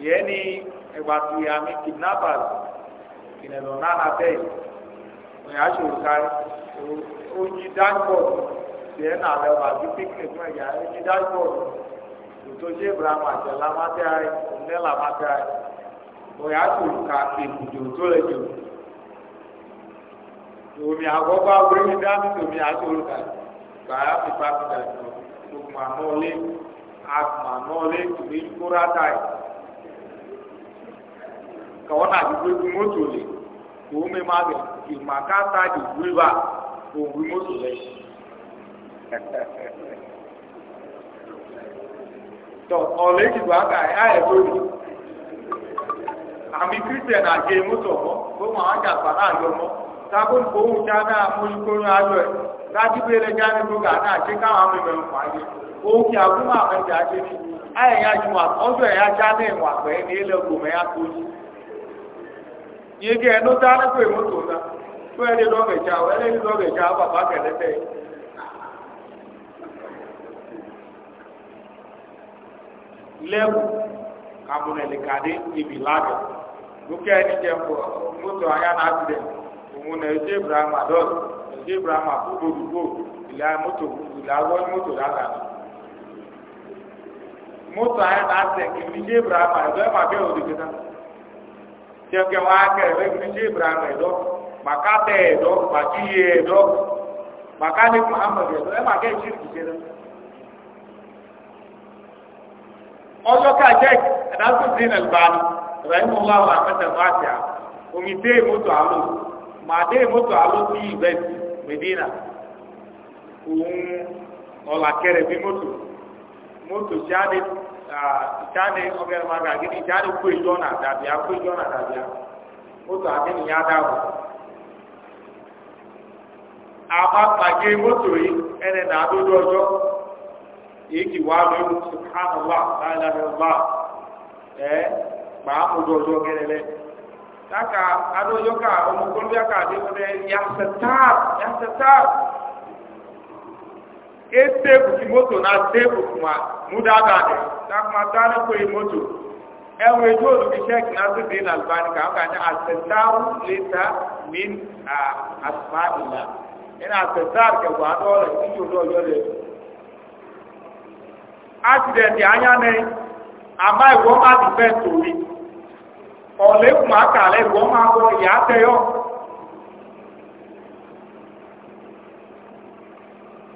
yẹn ni ẹgbà tí kidnappers ìnẹ̀lọ̀ náà bẹ́ẹ̀ òyìn aṣòro ká oyin dashboard tiẹ̀ náà lẹ́wọ̀ àti picnic fún ẹ̀yà oyin dashboard ètò ṣé ibrahim àjẹlá má tẹ́ ayé òmìnira má tẹ́ ká tó lè jò omi dání omi ká fipá kóra táyì. ka ọ na gbogbo ewu moto o ko me ma bɛ ìmà káta di a òwú moto lɛ tɔ aka kristian moto mɔ kó wọn àjà gbà náà yọ mɔ sábó nkowó já náà mójúkóró ayọ ɛ láti gbé lẹ já ní gbogbo àná àti káwọn àmì mẹ́rin fà yé òkè àbúrò àmì ìjà nye e ge ẹnu tá ẹkọ ìwọ tó ọ ẹni lọ gẹjà ọ bàbá kẹlẹ tẹ ibi ládọ lókè ẹni jẹ mbọ mọtò ayá na ti ibrahim adọl ẹjẹ ibrahim akúgbòdùgbò ìlà mọtò ìlà wọ moto lára mọtò ayá náà ibrahim adọl ẹ má tiɛkɛ wa kɛrɛ bɛ kiri tse ibrahim ɛdɔ maka tɛ ɛdɔ maki ye ɛdɔ maka ne muhammed ɛdɔ ɛma kɛ tsi ti tse dɛ ɔjɔ ka jɛ ɛdatu ti na libani ibrahim wa wa mɛtɛ fa tia omi de moto alo ma de moto alo ti ibɛt medina òun ɔlà kɛrɛ bi moto moto a ọbẹ̀ ẹ̀rọ maga gidi ìtsáde kó ìjọ nà dàbíà kó ìjọ nà dàbíà mọ́tò àti nìyá dàbọ̀. àmà pàgé mọ́tò yìí ẹnẹ nà àdójú ọjọ́ yìí kì wá lóyún subhanallah alhamdulilah ẹ màá mójú ọjọ́ gẹ́lẹ́lẹ́ dáka ká ọmọkùnrin bí a kà dé e esefu ti moto na sefu kuma muda ni takuma tani koyi moto ẹwọn ejo olubi sheik nasiru na albani kan kan ni asetaru leta min a asuma ila ẹna asetaru kẹfọ adọ rẹ títí ojú ọjọ rẹ asidẹnti anya nẹ ama ìwọ ma ti fẹ torí kuma akara ìwọ ma bọ ìyá tẹyọ.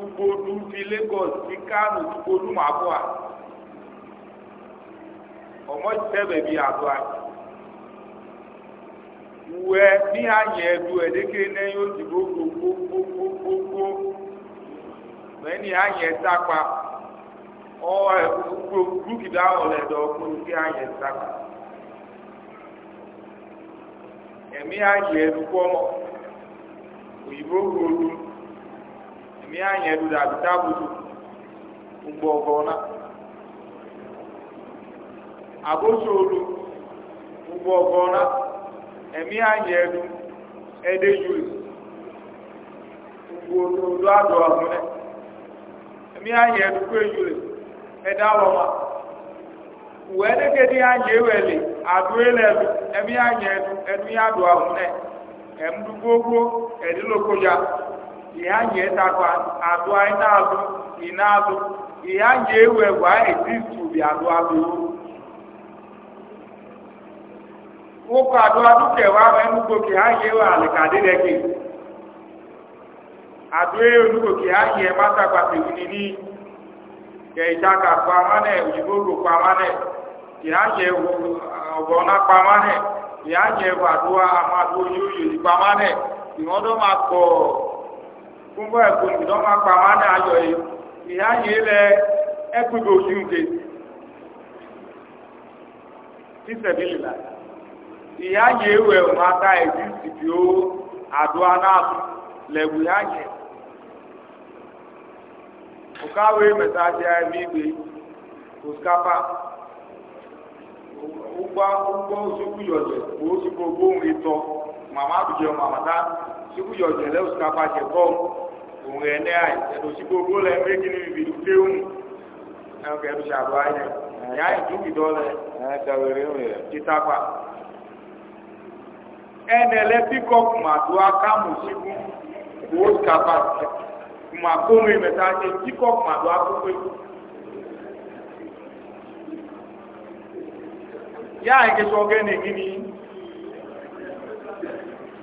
gbogbo fi Lagos ti Kano ti gbogbo máa bọ̀ à ọmọ ìtẹ́bẹ̀ bí àbọ̀ à wẹ ní àyẹ̀ ẹ̀dù ẹ̀dẹ́kẹ́ náà yóò dìbò gbogbogbogbogbò mẹ́ni àyẹ̀ sápa ọ ọkùnrin òyìnbó mi anya du da ta butu ugbo gona abosolu ugbo gona emi anya du edeju ugbo do do ado ahune emi anya du ko eju eda loma uwe deke di anya eweli adu elu emi anya du enu ya do ahune emdu gbogbo edilokoya ihe anyị etakwa adụ anyị na-azụ ị na-azụ ihe anyị ewe gwa ezistu bi adụ adụ ụkọ adụ adụ kewa bụ enugbo ka ha yi ewe alị ka dịrị gị adụ enugbo ka ha yi emata kwata wunini ka ịcha ka kwamane oyibo go kwamane ka ha yi ọgọ na kwamane ka ha yi ewe adụ amadụ oyi oyi kwamane ka ọ dọ ma kpọọ. fún bọ́ ẹ̀kọ́ ìdọ́ máa pa máa ní ayọ̀ yìí ìhá yìí lẹ ẹgbẹ̀gbẹ̀ òṣì ń ké tí sẹ̀bí lìlà ìhá yìí wẹ̀ máa ta ẹ̀bí ìdí ó àdó anáàbù lẹ̀wù ìhá yìí òkáwé mẹ́ta ti ẹ̀mí ìgbé òskápá ó gbá ó gbọ́ oṣù kúyọ̀jẹ̀ òṣù gbogbo ohun ìtọ́ màmá àbújọ màmá tá síkú yọ ọ̀jẹ̀ lẹ́wọ̀ sí apá jẹ kọ́ òun ẹ̀ ní àì ẹ̀dọ̀ sí gbogbo lẹ méjì ní ibi ìdúté òun ẹ̀kọ́ ẹ̀dọ̀ sí àbọ̀ ayẹ ìyá ìdúkì dọ́lẹ̀ títápa ẹnẹ lẹ píkọ́ màdó akámù síkú owó sí apá màkóhun ìmẹ̀ta ṣe píkọ́ màdó akókò yáà ń kẹsọ́ gẹ́nì kí ni.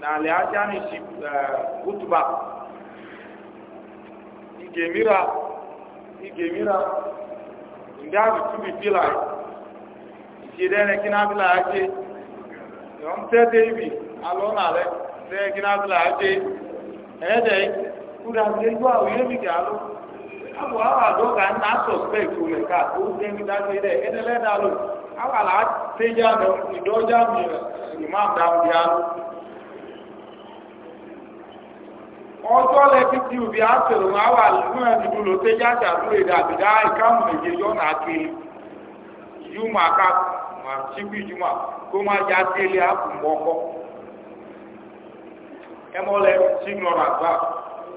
na le aja eh, ni igemira igemira nda bi tubi pila ìṣẹ̀dẹ́ dere kí náà bí láà jẹ́ yọ ń tẹ́ débi alọ́nà rẹ̀ tẹ́ kí náà bí láà ndị ẹ̀ẹ́dẹ̀ kúrò àti ẹjọ́ alụ ilé mìkà adọ àwọn àwọn àdọ́gà ń ka suspect olè ká tó ń ndị ọjọ́ lẹ́bi tí òbí àtẹ̀rù máa wà lóun ẹ̀dùnú ló tẹ́jú àjàdúró èdè àbìdá ìkáàmù èdè yọ̀nà àkèrè ìjùmọ̀ àká mà síbi ìjùmọ̀ kó má já délé àkùnbọ̀kọ́ ẹ mọ́ lẹ sínúọ̀rọ̀ àgbà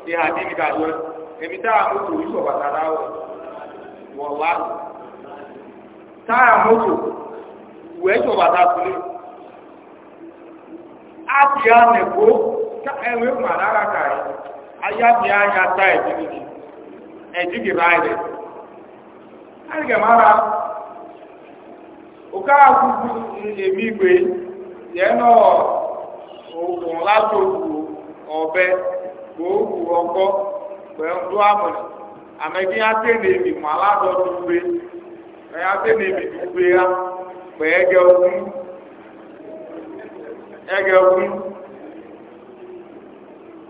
ṣe àdínì kàjọ èmi mọ́tò yìí bàtà dáwọ̀ mọ́tò bàtà sílé á ti ka enwe mmadụ ka ahịa e. dị anya taa ejighị ejighị raịrị anyị ga-amara ụka agwụgwụ eme ya nọọ ụlata ọkọ mgbe ndụ amụrụ amegị ya te na-ebi ma alada ọdụgbe ya na ya ege ege ọkụ.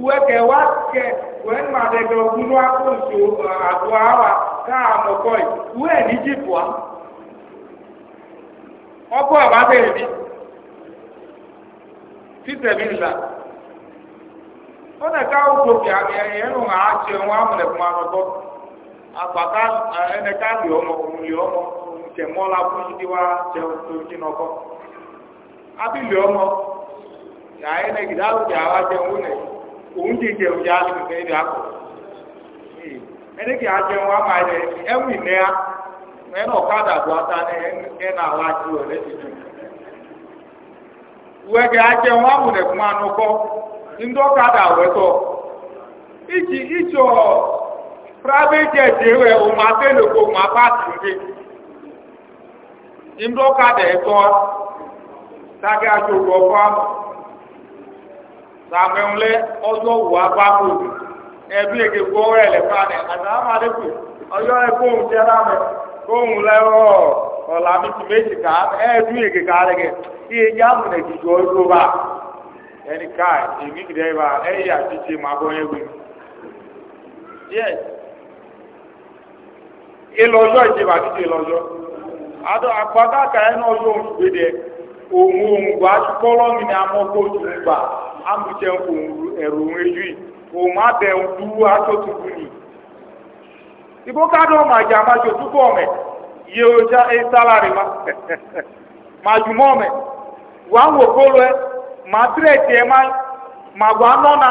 uwe ke wa ke wee ma de ke a wa ko adu awa ka mo koi uwe ni ji po ọkọ ọba bẹrẹ bi títẹ mi nla ó nà ká ó tóbi àmì ẹyẹ nù a àti ẹwọn amúlẹ fún amọ bọ àgbàká ẹnẹ o la òun ti jẹ òjá lókè ìdí akọ ẹni ajẹun wa máa yẹ ẹwù ìnẹ́yà ẹnà ọ̀kadà bọ̀ ata ni ẹnà àwọn àti ọ̀rẹ́ ti dùn. wẹ́gẹ̀ ajẹun wa mú lẹ̀kùn máa nù kọ́ ndí ọ̀kadà ịchọ ìtì ìtì ọ̀ rẹ̀ òun òun ọ̀kadà sàmẹ́wọlé ọjọ́ wù abáko ẹbí èké kó ọ̀rẹ́ lẹ̀ fún àná àtàwọn àdékù ọjọ́ ẹ̀kọ́ òun jẹ́ lámẹ́ kó òun lẹ́wọ́ ọ̀là mi ti méjì ká ẹ̀ẹ́dún èké ká ẹni ká èmi ẹ̀yẹ máa bọ́ ìlọ́jọ́ ìjìbà ìlọ́jọ́ àdó ẹ̀ náà yóò ń gbé òun òun gbà amútsẹ̀ ńkò ẹ̀rù ń ejui òun abẹ ń dú atsótuku ni ìbò kádó màdza màdzo tukọ̀ ma màdzumọ̀ ọ̀mẹ̀ wà ń wò kóló yẹ màtrẹ̀ tiẹ̀ ma màgbà nọ́na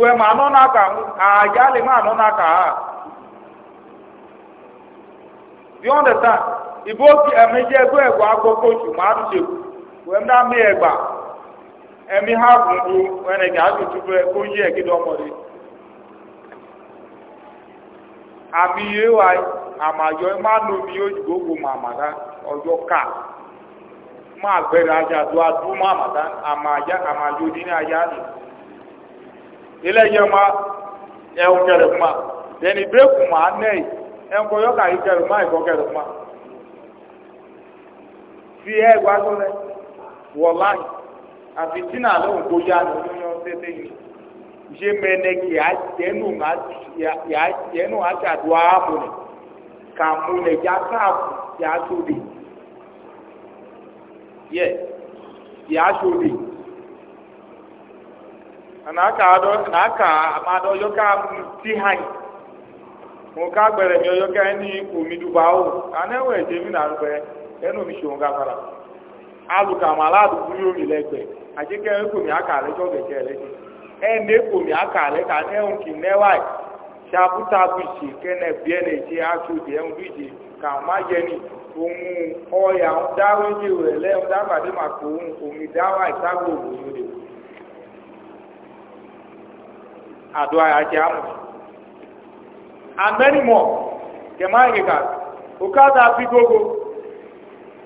wẹ̀ mà nọ́na kà àyà lè má nọ́na kà á you understand ìbò ẹ̀mẹ̀dzi ẹgbẹ́ ẹ̀gbọ́ agbọ́ kóòtù màá ṣe wẹ̀ ń dá ẹ̀gbà. ẹmí ha bùbù ẹnì kí atutu bẹ kó yí ẹkí dọmọdé àmì yìí wà àmàjọ má nomi òyìnbó wò má ọjọ ká má gbẹrẹ àjàdó adú má àmàjá àmàjọ dínní àyà ni ilé yẹ má ẹwù kẹrẹ má dẹni bírèkù má nẹyì ẹnkọ yọkà yìí má fi àfi tí náà lóhùn kó yá ló ló yọ tẹ́tẹ́ yìí ṣé mẹ́lẹ́ kì á jẹ́nu yà á jẹ́nu àtàdó ààbò rẹ̀ kà mú lẹ̀ yá káàbù yà á sóde yẹ yà á sóde nàákà àdó nàákà àmàdó yọká tí hàn mo ká gbẹrẹ mi yọká ẹni omi dùbà ó mi nà ń gbẹ ẹnu mi ṣòwò ká fara alùkàmọ́ aládùúgbò yóò àti kẹ́ ẹ̀ a àkàlẹ́ tó gẹ̀ẹ́sẹ̀ rẹ̀ ẹ̀ ní mi àkàlẹ́ kà ní kì nẹ́wà ṣàbùtà bìṣì kẹ́nẹ̀ bí ẹ̀nẹ̀ ṣe àtúndì ẹ̀hún bìṣì kà má yẹ ni òun ọ̀yà ń dáwé ní rẹ̀ lẹ́hún dábàdé mà kó òun òmì dáwà ìtàgbò òwòyò rẹ̀ àdó fi gbogbo.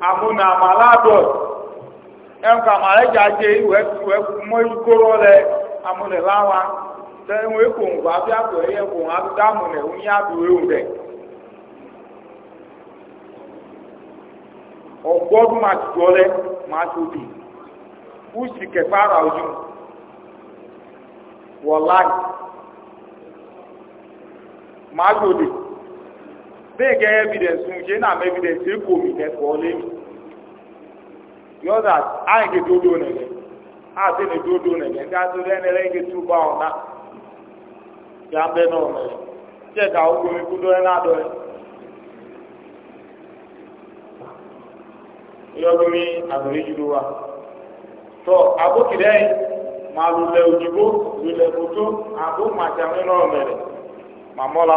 amúnà àmàládọ̀ ẹnkà àmàlẹ́jà jẹ ìwẹ́ mọ́ ìkóró lẹ amúnà láwa tẹ́wọ́n èkó ńgbà bí àpò ẹ̀yẹ kò hàn á dáàmú nẹ̀ ń yá àdúró ọgbọ́dún máa ti jọ máa ó sì kẹfà ara ojú máa bẹ́ẹ̀ gẹ́ evidence ń ṣe náà evidence tí kò mí ẹ̀fọ́ lé yọ́dà àìkè tó dó nẹ̀lẹ̀ àti ní dodo dó nẹ̀lẹ̀ ní àti rẹ̀ ní ẹ̀rẹ́gẹ̀ tó bá wọn náà yà ń bẹ́ náà nẹ̀lẹ̀ tí ẹ̀ka ogun mi kú dọ́rẹ́ náà dọ́rẹ́. yọ́dún mi àgbèrè jùlọ wa tọ́ abókìlẹ́ yìí màá le òyìnbó lulẹ̀ kótó mi ma la.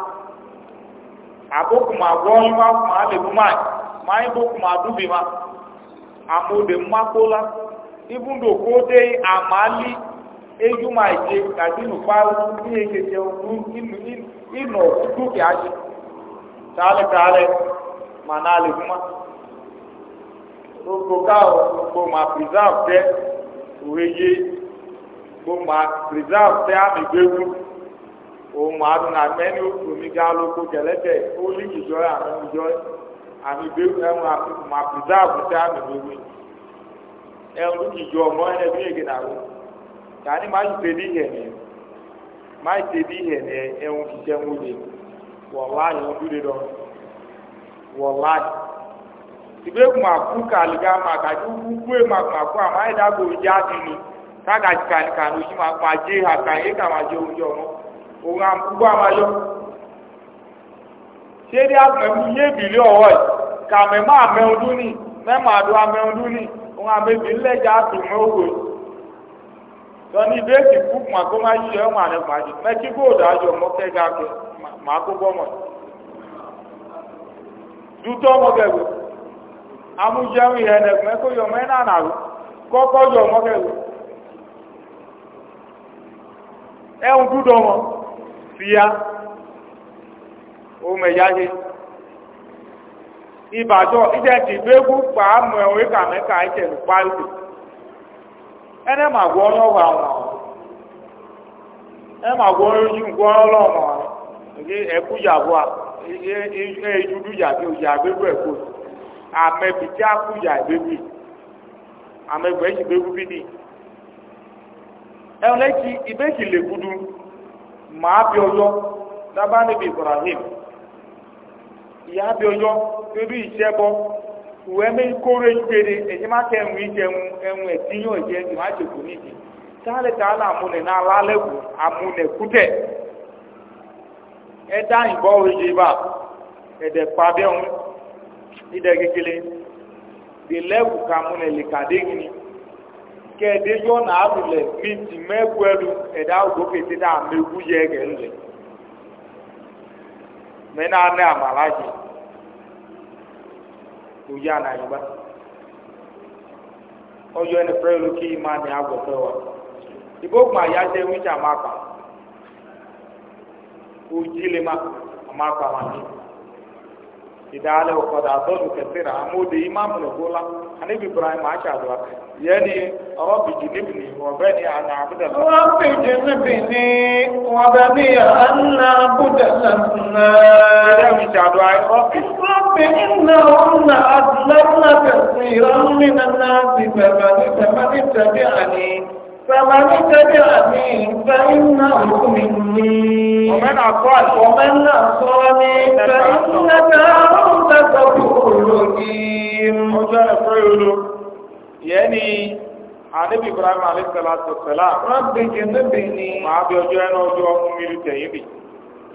abo kuma agwọ ma kuma alebu mai ma anyị ibo ma adubi ma amode mmakola ibu ndo ko de amali eju ma ije kadi nu pa ni eke je nu inu inu tu ki aje tale tale mana alebu ma gbogbo ka o gbogbo ma preserve de oye gbogbo ma preserve de amigbewu. òun àdó nà mẹ́ni omi gá lóko gẹ̀lẹ́tẹ̀ ó ní ìjọ àmì ìjọ àmì bẹ́ẹ̀ ẹ̀mú àmà pìtà àmì bẹ́ẹ̀ ẹ̀mú ìjọ ọmọ ẹ̀ bí èké nà ló tani má ti tẹ̀lé ìhẹ̀nẹ̀ má ti tẹ̀lé dúró ìgbé kú kàdé kúkú ẹ̀ kú ẹ̀dá ká àkàyé oúnjẹ òun àgbúgbò àmàyọ ṣé ní àmẹ́mú yé ìbílí ọ̀wọ́ yìí kàmẹ́mú àmẹ́ọdún ní mẹ́mọ̀ àdó àmẹ́ọdún ní òun àmẹ́bí lẹ́jà àtùmọ̀ òwe tọ́ni ìbéèkì kú mà kó má yíyọ ẹ̀wọ̀n àrẹ fàájì mẹ́tí góòdù àjọ mọ́ kẹ́gà pé màá kó bọ́mọ̀ dútọ́ yọ kọ́kọ́ yọ ẹ̀hún dúdọ̀ wọn. fiya ome yahe ibadzɔ idɛnti gbegu kpa amewo kame ka etsɛ nu kpali ɛnɛ ma gbɔ ɔlɔ wa ma ɛnɛ ma gbɔ ɔlɔ yi gbɔ ɔlɔ ma ɛdi ɛku yabua ɛdudu yabi o yabebu ɛku ame bi tsi aku yabebu ame gbɛ tsi gbegu bi di ɛnɛ tsi ibe tsi le màá bí ọjọ́ dábà níbi ibrahim ìyá bí ọjọ́ bíbí ìṣẹ́bọ ìwẹ́ mi kóró ìgbèrè èyí má kẹ́ ẹ̀hún ìjẹun ẹ̀hún ẹ̀dínyàn ìjẹ ìmá jòkó a là múnẹ̀ náà lálẹ́kù àmúnẹ̀kútẹ̀ ẹ̀dá ìbọ̀ òye bá ẹ̀dẹ̀ pàdé ọ̀hún ìdẹ̀ kékeré dè kẹ̀dé yọ náà lulẹ̀ mí ti mẹ́kù ẹlu ẹ̀dá ògbó náà mẹ́kù yẹ ẹ̀gẹ̀ ńlẹ̀ mẹ́nà ní àmàlà kò yá náà yìí ọjọ́ ẹni pẹ́ẹ́lú kí ìmá ni àgbọ̀tọ̀ wa ìgbógun àyà jẹ́ wíjà máa pa òjì lè má máa pa wà ní. idale o kɔda atɔdu kɛsira amewo de imam le go la anabi ibrahim ahyadu la yɛni rɔbi jinibini wɔbɛni ana abudala. rɔbi jinibini wɔbɛni ana abudala na. ɛdɛmi jadu ayi rɔbi. rɔbi ina ɔna adilala kɛsira mina naasi bɛbɛ ni bɛbɛ ni tɛbi فمن تبعني فإنه مني ومن عصاني ومن عصاني فإنك أنت غفور رحيم يعني anabi ibrahim alayhi salatu wa salam. rabbi jẹ́ níbi ni. màá bí ọjọ́ ẹnu ọjọ́ mímírì tẹ̀yìn bì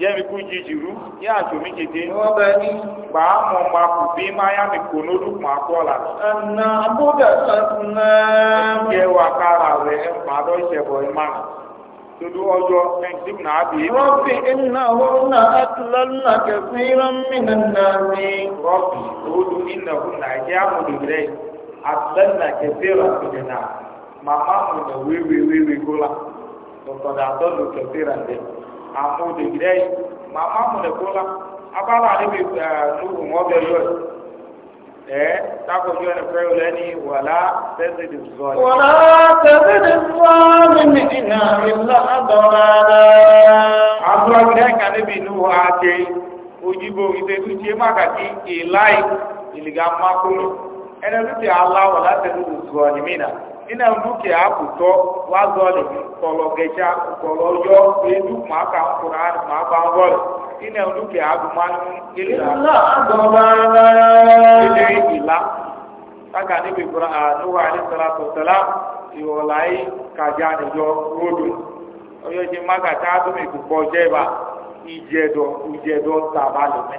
yẹmi kú jijiru yẹ àjò mi jìde. wọ́n bẹ ní. gbà á mọ̀ ma kù bí miami kò lóru mà á kọ́ la. ẹnà abúlé ẹnà. ẹ wà kára rẹ ẹ mà á lọ ìṣẹ̀bọ̀ ẹ má nà. Tudu ọjọ́ ẹ̀ǹtìm náà bí. Rọ́bì iná hóná àtúlọ́nà kẹfìrán mìíràn náà ni. Rọ́bì olú iná hóná ẹ̀jẹ̀ amòdòdìrẹ́ àtúlọ́nà kẹfìrán mìíràn náà. Màmá mọ̀nà wéwéwéwé gbọ́lá. Tọ̀tọ̀ dàtọ́ lò kẹfìrán dẹ̀ amu degide yi ma ma mu ne la abala ne bi nuhu ŋɔ bɛ yɔ ɛ tako yɔ ne fɛ lɛ ni wala tɛsi di zɔli. wala tɛsi di zɔli mi ina ila dɔlala. abula gidɛ ka ne bi nuhu ake ojibo itetu tse ma ka ti ilayi iliga makolo ɛnɛ tuti ala wala tɛsi di zɔli mi na nínú dúkìá àkùtọ wá zọlì kọlọ gẹjà kọlọ yọ edu màá kà ń kura màá bá ń wọlé nínú dúkìá àgùnmá ní ilé ìlà àgùnmá ilé ìlà saka níbi kura àdúrà ní sàlàtò sàlà ìwọlá yìí kàjá nìjọ ròdù ọyọ ìdí má kàtà tó mi kò kọjá ìbá ìjẹdọ ìjẹdọ tàbá lómi.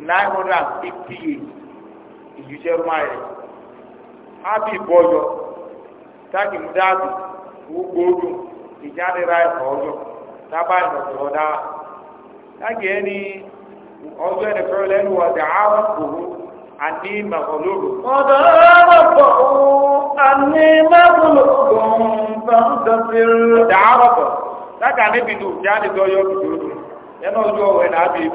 nine hundred and fifty eight ìjúṣẹ́ márùn-ún ábì táàkì mú gbogbo ọdún ìjáde ẹ̀fọ́ ọjọ́ tábà ìrọ̀sọ̀rọ̀ ọ̀dá táàkì ẹni ọjọ́ ẹni fẹ́rẹ́ lẹ́nu wà dà á àní màkọ̀lóòrò. ọ̀dọ́ rọ̀pọ̀ àní màkọ̀lóòrò bá ń táàkì àníbi jáde ọjọ́ bèbí.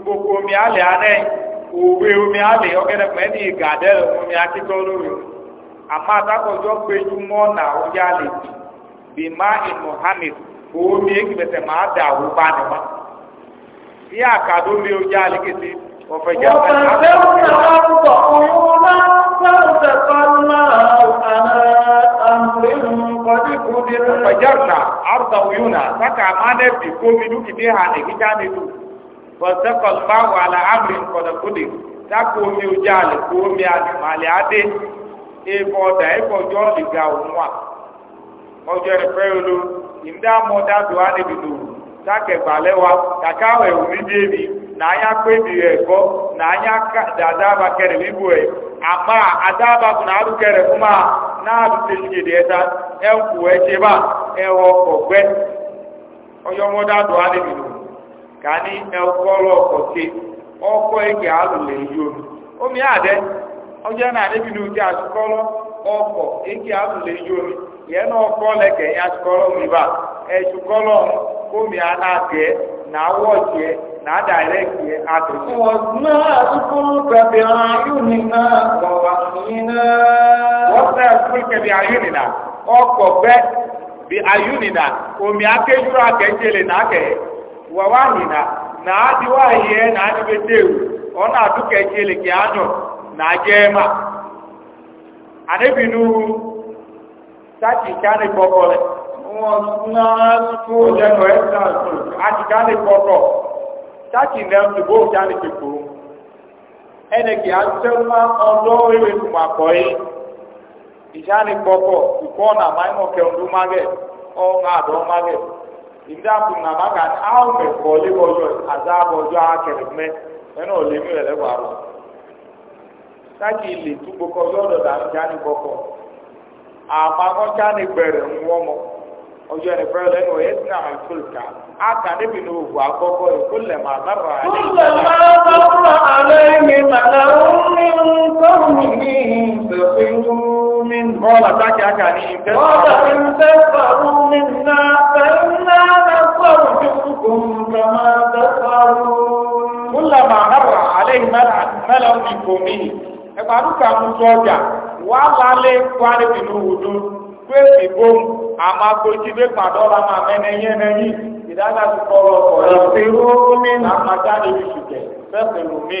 gbogbo omi alẹ anẹ uwe omi alẹ ọgẹdẹ pẹ dị ịga dẹ omi akitọ lórí àmọ́ atakọjọ péjú mọ nà ọjà lè bì bìmá bụ omi ekibẹsẹ máa dà wọ bá ní wa bí àkàdó mi ọjà lè kété ọfẹ jà pẹ fọsẹkọl bá wà lá amúlẹ̀ nkọ̀dọ̀kúndì dákò omi ojú àlè kó omi àlè adé èèfọ̀ ọ̀dà èèfọ̀ ọjọ́ ìgbà òun wà ọjọ́ ìfẹ́ olú ìdámọ́dádò ánìbìdò dákẹ̀gbàlẹ́ wa kàkáwẹ̀ òní débi n'anya kpebi ẹ̀kọ́ n'anya ya ɛkɔ lɛ ɔkɔte ọkọ omi omi na ade bi nu ti ọkọ e eke alu omi omi anagɛ na awɔ tiɛ na adarɛ tiɛ ato. wɔsùnà sukuru kẹbi ayúni na kọwa yina. wɔsùnà na ọkọ omi akéjúra kẹjele wawahina na adịwahie na adịbete ọ na adụ ka echeleke anyụ na jema anebinu tachika ni kpọkọrọ achika ni kpọkọ tachi na ntụbo ka ni kpekpuru ẹnẹkì asẹmá ọdọ ewé kpọkọ na ọ ìdá kùnà bàkà àwọn mẹ̀kọ́ lébọ̀jọ́ àzábọ̀jọ́ akẹ̀rẹ̀mẹ́ ẹnà òlèmí rẹ̀ lẹ́wọ̀ àrọ̀ sáàkì ilé túgbókọ yọ̀dọ̀ dàmíjà ní kọ̀kọ̀ àpapọ̀já ní gbẹ̀rẹ̀ ń wọ́mọ́ ọjọ́ ní pẹ́rẹ́ lẹ́nu ọ̀yẹ́ sí àwọn ìfúlùkà áka níbi ní òwò àkọ́kọ́ ìkúlẹ̀ máa bára rẹ̀. kúlẹ̀ máa bára rẹ̀ ní màdàrú ní nǹkan mi ní ìbẹ̀rù. تكفروا من قال تكاك إن تكفروا إن تكفروا منا فإنا كما تكفرون كلما مر عليه ملأ ملأ من قومه ẹgbàdún kàmú sọjà wà lálẹ́ kwari bìlú wùdú máa yẹn ìdájà ọ̀rọ̀ omi lómi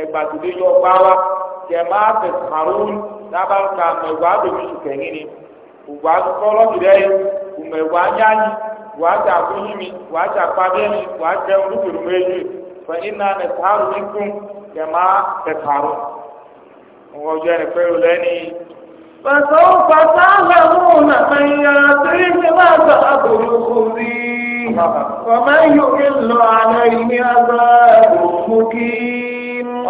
ẹgbà tòde yọ gbá wa tẹ máa fẹ dábàá ka mẹwàá domi sùkẹ nínú ògbà kọ lọ́bìrẹ́ yìí òmẹwàá nyányi wàá tẹ àkóyí mi wàá tẹ àkpàdé mi wàá tẹ olùkèrè mi yìí fẹ kún máa fẹ ẹni pé o ومن عليه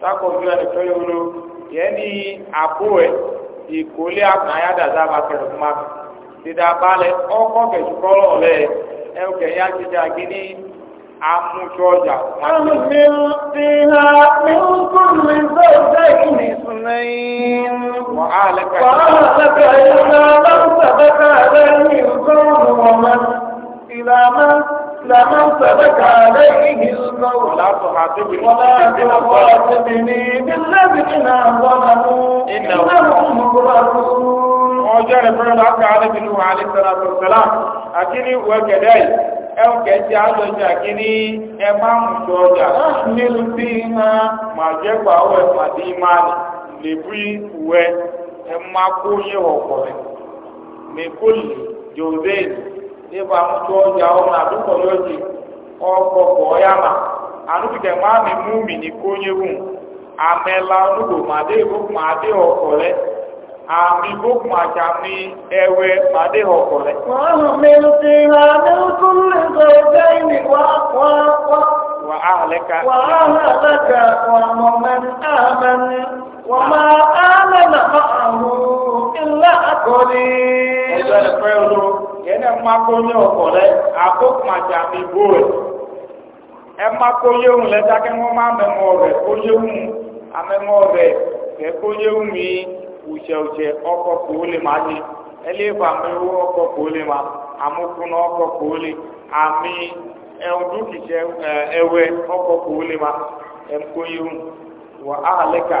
takɔvi wa le tɔ yi wolo yɛni aboɛ ìkólé ya dàda ma dídá balẹ̀ ọkọ kẹsù kọlọ ẹ kẹyà ya gidi ní sùnmẹ́yìn. wàhálà kẹyà ìlànà لمن ثبت عليه الموت ولا تحاسبني بالذين ظلموا إنهم مبررون ọjọ́ rẹ̀ fẹ́rẹ̀ láti alẹ́bìnú àlẹ́sẹ̀láṣọ́ sẹ́lá àkíní wẹ́gẹ̀dẹ́ ẹ̀kẹ́ tí a lọ jẹ́ àkíní ẹ máa ń sọ ọjà nílùú jẹ́ máa lè ìwẹ́ ẹ máa kó rẹ̀ n'ebe amụtụ ọjọọ ahụ na adụkọrọ ọjị ọkọ pụọ ya ma anụgide nwami mumi ni onye wu amela onugbo ma dee bok ma dee ọkọlẹ àmì ma jàmì ẹwẹ ma dee ọkọlẹ. wọ́n hàn mí ilá akọni. ẹjọ́ lè fẹ́ olú yẹn ẹ má kó yẹ ọkọ rẹ àkókò àti àmì ẹ òun lẹ dákẹ́ wọ́n mẹ́mọ́ òun amẹ́mọ́ kẹ́ òun mi òṣè òṣè ọkọ̀ lè ní mi ọkọ̀ lè ọkọ̀ lè àmì ẹ̀hún dúkìṣẹ́ ẹ̀wẹ̀ ọkọ̀ lè òun á lẹ́ka.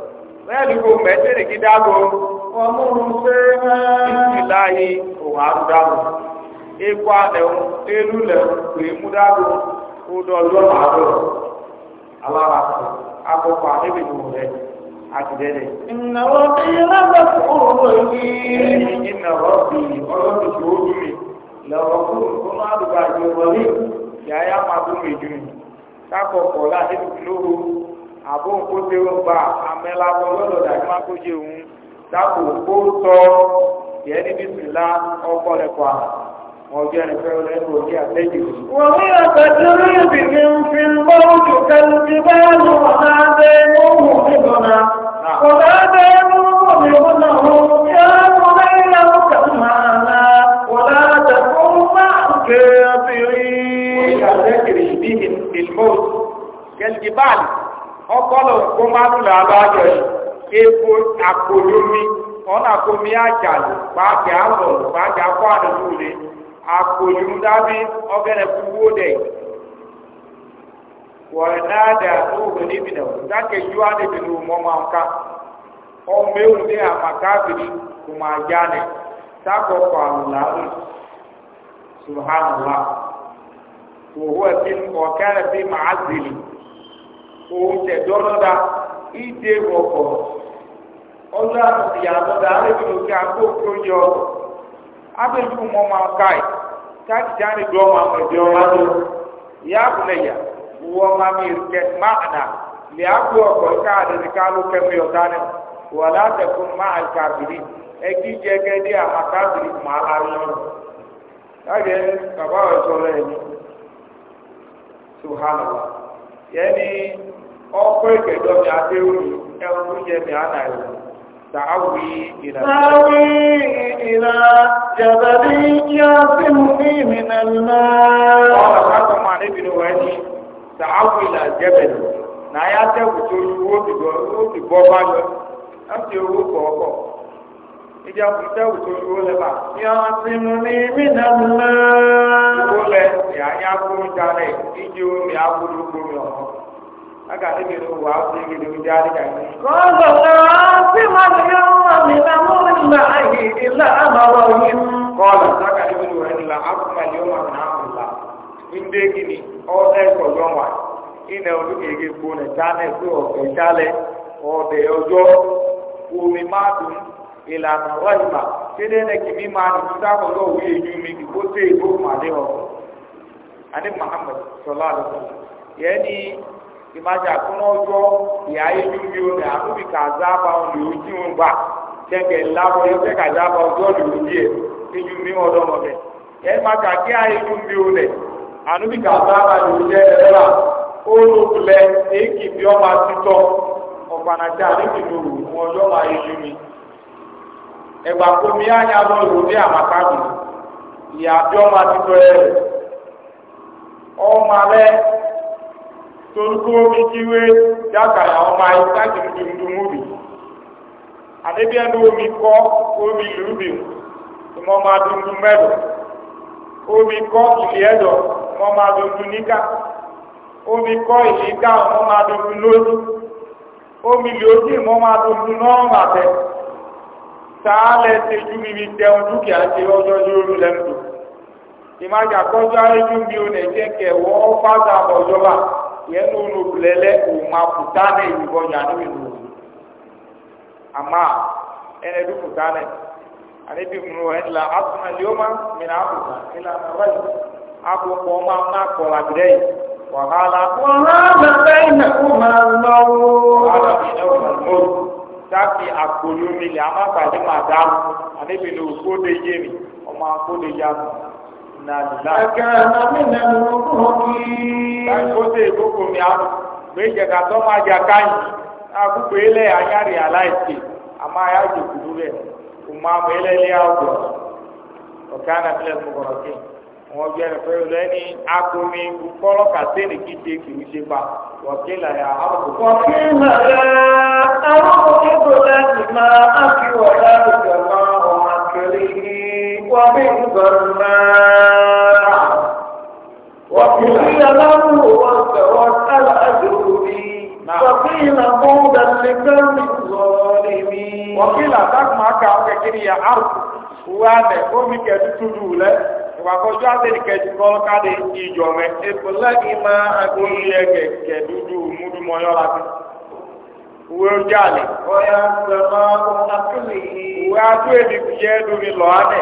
lẹ́ẹ̀dúgbò mẹ́tẹ́rì kí dáàbò ìsìláyé òun àrùdáàbò epo alẹ́hùn elú lẹ́hùn pé ní òun rẹ̀ ọlọ́dún ó lọ́wọ́ fún ọmọ wọlé máa àbò nkóse gba amẹ́lábọ́ lọ́dọ̀ dàbí má kó jẹ òun dábò kó tọ́ yẹ níbi sùlá ọkọ rẹ̀ pa ọjọ́ rẹ̀ fẹ́ lẹ́nu òní àtẹ́jù. wọ́n mú àtàkùrú ìbìnrin fi lọ́wọ́jù kẹlu ti bá lù ọ̀nà abẹ́ mọ́wù nígbọ̀nà ọ̀nà abẹ́ mọ́wù nígbọ̀nà ọ̀hún yá mọ́ lẹ́yìn àwọn kàmá wọ́n àtàkùrú máa ń kẹ́ àbẹ̀rẹ̀. wọ́n yà lẹ́kẹ̀rẹ̀ ìdí ìlmọ́ọ̀tù kẹlu ti bá lù. ọkọlọ kọmadùlẹ alájọ yìí epo akpolómi ọ̀nàkómi àjàlù gbàgbé alọ gbàgbé akọ àdúgbò lé akpolómi dábí ọgẹrẹ fúwó dẹ wọ́n náà dà lóhùn níbi náà dákẹ́ yíwá níbi ní ọmọ ọmọ nǹkan ọmọ ewu ní àmàkábìrì kò máa já ni sákòókò àlùláàrù subhanallah òwò ẹbí ọ̀kẹ́rẹ́ bí màá zèlè. oúnjẹ dọ́lọ́dà ìdè wọ̀kọ̀ ọlọ́ àtìyàtọ̀dà alẹ́bìnrin òkè àgbo kúròyọ abẹ́lú mọ́ máa káì táàkì jáde dùn ọmọ àwọn ẹ̀dẹ́ ọ̀la lọ ìyá àbúlẹ̀yà wọ́n máa mi kẹ́ máàdà lè àgbo ọ̀kọ̀ káàdì ní kálú kẹ́mi ọ̀dánù wà látẹ̀kùn máa kàbìrì ẹgbí jẹ́gẹ́ dé àmà kàbìrì máa lọ́rùn láti ẹni bàbá ọ̀ṣọ́ rẹ̀ ni subhanallah yẹ́nì. ọkọ ìkẹjọ mi adé òní ẹwọn tó mi àná ẹwọ sàáwì ìlà. sàáwì ìlà jàdàdí yá sí mu ní ìmìnà ńlá. ọ̀rọ̀ káàkó máa níbi ni wọ́n ní sàáwì ìlà jẹ́bẹ̀lì náà yá tẹ̀wù tó ju ti bọ́ bá lọ láti owó kọ̀ọ̀kọ̀ ìjà lẹ́bà. sí mú ní ìjì omi aka anabi so wa awo sege ne wudi ali ka ni. kọ́ńtò náà sí máa ń yọ ọmọ mi náà mú mi nà ayé ilé àmàlọ́ yìí. kọ́ńtò sáka ibi ni wọ́n la akuma ni ọmọ mi náà mú la ndé gini ọ̀dẹ́ kọ̀jọ́ wa ina olú kéke kó na tánẹ̀ sí ọ̀fẹ́ tálẹ̀ ọ̀dẹ́ ọjọ́ omi máa dùn ìlànà rọ́ìmà kéde ne kìmí máa dùn sáfọ̀ lọ́wọ́ yẹ ju mi kó tẹ̀ ìbò màdé ọ̀fọ̀. ani muhammad sọlá àlùfáà yẹ́nì. ìmájà kúnná ọjọ́ ìyá yìí ní àkúbì kàzá bá wọn lè ojú gbà yóò kàzá bá ọjọ́ lè ojú yẹ ìjú mi wọn bẹ̀. ẹ má kà kí lẹ̀ kàzá bá lè ojú ẹ lọ́la ó ló èkì bí ọ̀pànàjà ní òwò wọn ọjọ́ máa yé ju mi. ní àmàkàbì ìyá bí toriko kikiwe daka ya ọma ita dumdum ubi adebia na omi kọ omi lubi mọma dumdum mẹdọ omi kọ ili ẹdọ nika omi kọ ili ika mọma omi lójú mọma dumdum n'ọrùn àtẹ ìmájà mi ò yẹnu nu lẹlẹ òun akuta nẹ ìbọ yanu ìlú ama ẹnẹ du kuta nẹ ale bi mu ẹni la asuna lioma mina akuta ẹla abayi akpọkpọ ọma n'akpọ la bi dẹ wàhálà. wàhálà nà wàhálà sáfì lẹ ale bi de yé mi ọmọ akó de yá mi. na nàmínà lókòókì. na tẹ ìkókò mi àrùn, méjì ká tọ́ ومن ضراء وقيل له وتوكل أجري وقيل بعدا لقوم ظالمين وقيل ذاك ما كان كيري يا عرض وأنا قومي كتدولة ìwàkọjọ́ àtẹ́lìkẹjì kọ́ káde ìjọmẹ́ ìpínlẹ̀ ìmá agbóyè kẹ̀kẹ́ dúdú múdúmọ́yọ́ láti ìwé ojú àlè. ọ̀yà ń sọ̀rọ̀ ọkùnrin àtúnlẹ̀ yìí. ìwé atú èdè fi yẹ́ lórí lọ́ánẹ̀.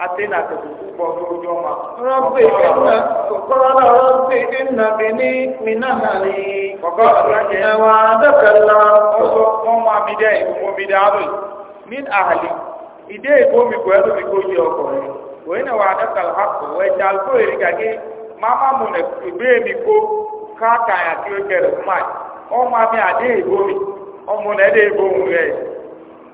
atena tukukubwa kujoma rabbi inna qala rabbi inna bini min ahli waqala wa'adaka allah oso mama bidai mo bidai min ahli ide ko mi ko edo mi ko je oko ni ko ina wa'adaka al haqq wa jal ko iri kage mama mo ne be mi ko ka ka ya ti o kere kuma o ma mi ade ibo mi o mo ne de ibo mu re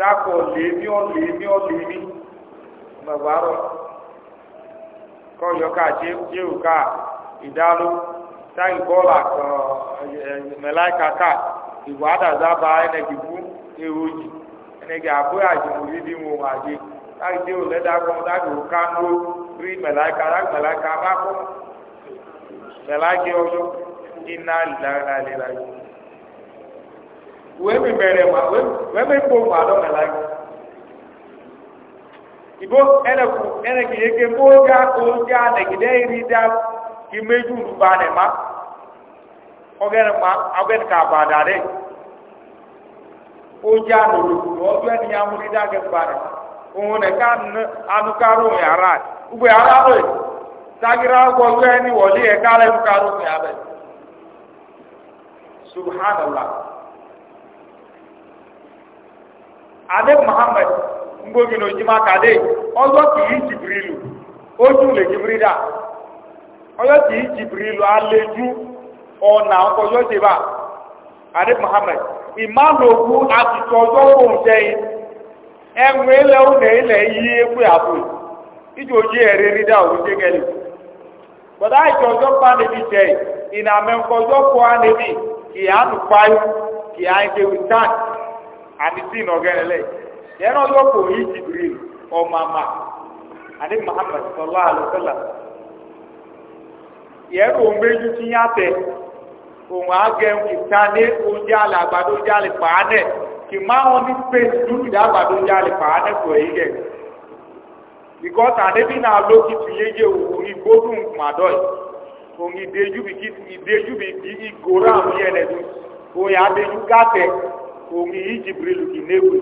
dákọ̀ lèmi ọ̀ lèmi ọ̀ lèmi gbàgbárọ̀ kọ́yọ̀ ká jẹ́rù ká ìdáló táyì bọ́ọ̀lù àkọ́ mẹ́láìka ká ìwà àdàzába ẹnẹ́gì bú èrò yìí ẹnẹ́gì àbó àjùmọ̀ yídí wọn àjẹ táyì rí má kọ́ ọjọ́ wee mere ma wee mekpo ma adọ mela gị igbo enegide ike mgbe oge a negide iri imeju na ma ogene ma agwen ka abada de oje anuru ọjọ ẹni ya mú dídá gẹgbà rẹ òun nìka anukaro yàrá ugbe ara rẹ sagira ọgbọ ọjọ subhanallah. adé muhammed ngbógi ní ojúmọ́ kàdé ọzọ kì í jìbìrìlù ojú lè jìbìrìdà ọjọ́ kì í jìbìrìlù alẹ́jú ọ̀nà ọjọ́ ṣèbà adé muhammed ìmáàlógún àtìtọ́ ọjọ́ kòun sẹ́yìn ẹ̀wọ̀n ilẹ̀ òun ilẹ̀ yí ewé àbò ìjọ ojú ẹ̀rẹ́ rídà òun jẹ́gẹ́lì bọ̀dá anyị ọjọ́ pa níbi ani tin ɔgɛrɛ lɛ yɛn na ɔyɔ kò yi jibril ɔmama ani muhammad sɔlɔ alukala yɛn o meju tinya tɛ òun agẹ ìtàdé oúnjẹ alẹ àgbàdo oúnjẹ alẹ pàánẹ kì máa wọn ní pé dúkìá àgbàdo oúnjẹ alẹ kò èyí gẹ because àdébí òun yìí jìbìrìlù kì néwì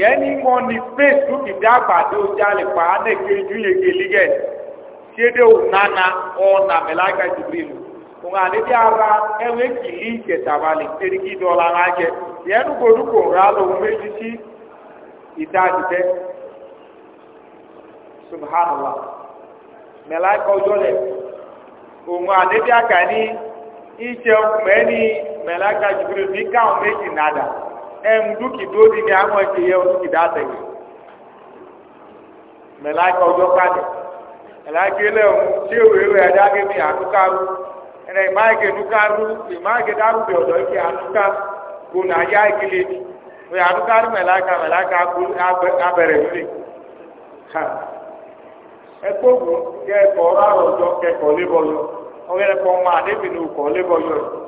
yẹn ní mọ ní facebook dàgbà tó jalè pa anẹ́kẹ́ ju yẹn gẹ̀lẹ́gẹ̀ ò nana ọ̀nà mẹ́lága jìbìrìlù òun àdébí ara ẹ̀wọ̀n kìlí ìjẹ̀tàbalẹ̀ erigi dọ́là ńlá jẹ yẹn nukodukò rà lóun méjì sí ìdájìtẹ́ subhanallah ìjẹun mẹlẹka jibril ní káwọn méjì nàdà ẹm dúkì tó di ní àwọn ẹtì yẹ dúkì dá tẹ̀lé mẹlẹka ọjọ́ kadì mẹlẹka ilẹ̀ ọ̀hún tí èwe rẹ̀ ẹ̀dá gẹ́gẹ́ bí ànúkàrú ẹ̀rẹ̀ ìmáàgé núkàrú ìmáàgé dárú bí kò mẹlẹka mẹlẹka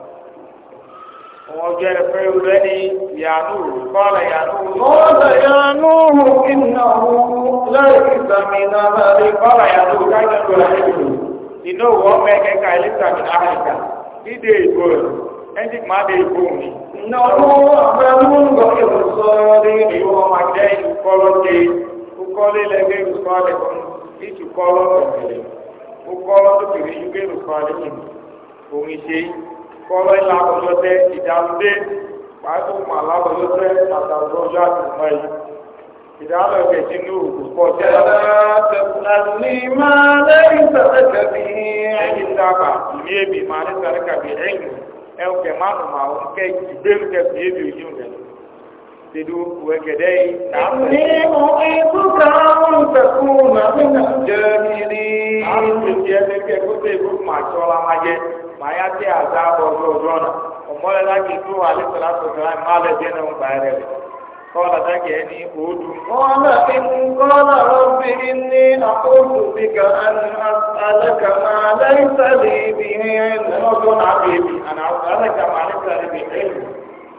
ọjọ́ ẹ̀fẹ́ olóyè ni yanu kọ́lá yanu. kọ́lá yanu iná lẹ́yìn ìsàmì náà lẹ́yìn kọ́lá yanu káyọ̀ tó la yẹ kúrò. iná wọ́n mẹ́kẹ́ ká ilé ìsàmì náà lè kà dídé ìbò ẹni má dé ìbò mi. iná ló fẹ́ mú lọ́kẹ́ lọ sọ rí ìwọ máa jẹ́ ìkọlọ́ dé ìkọlé lẹ́gbẹ́ ìkọlẹ̀ kan kɔlɔ yi la kɔlɔ tɛ ìdálóde kpàtó ma la kɔlɔ tɛ àtàlódé àtùmọ̀ yi ìdálò kẹ̀sí ní òkú pọ̀ tẹ́ lọ́wọ́. ma lẹ́yìn sọ̀rọ̀ kẹ̀bí. ẹyin dábà ìlú èmi ma lẹ́yìn sọ̀rọ̀ kẹ̀bí ẹ̀yìn ẹ̀ تدو وكدي إني أعيبك أن تكون من الجاهلين عبد يدك كنت يقول ما شاء الله ما جاء ما يأتي عذاب وزوجنا ومولا لك يتوى عليه الصلاة والسلام ما لدينا مبارك قال ذاك يعني أود قال إن قال رب إني أعوذ بك أن أسألك ما ليس لي به علم أنا أسألك ما ليس لي به علم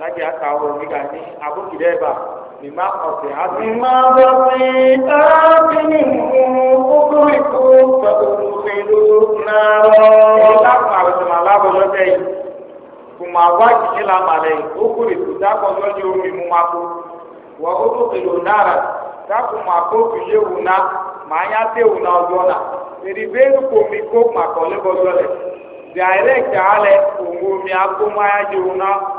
láti àkàwọ̀ nígbà ní abúkìdẹ́bà ní má ọ̀sẹ̀ ábí. má bọ́ sí ábí nínú kókó ìkó pẹ̀lú ìlú náà. ìlà fún àwẹ̀sẹ̀ màá lábọ̀ lọ́jọ́ yìí kò máa wá jìnnì lámàlẹ̀ yìí ó kó ètò dákọ̀ lọ́jọ́ orí mu máa kó wọ́n ó tó pèlò náírà dákọ̀ máa kó kìlẹ̀ wù náà màá yá dé wù náà ọjọ́ náà èdè bẹ́ẹ̀ kò mí kó màkọ́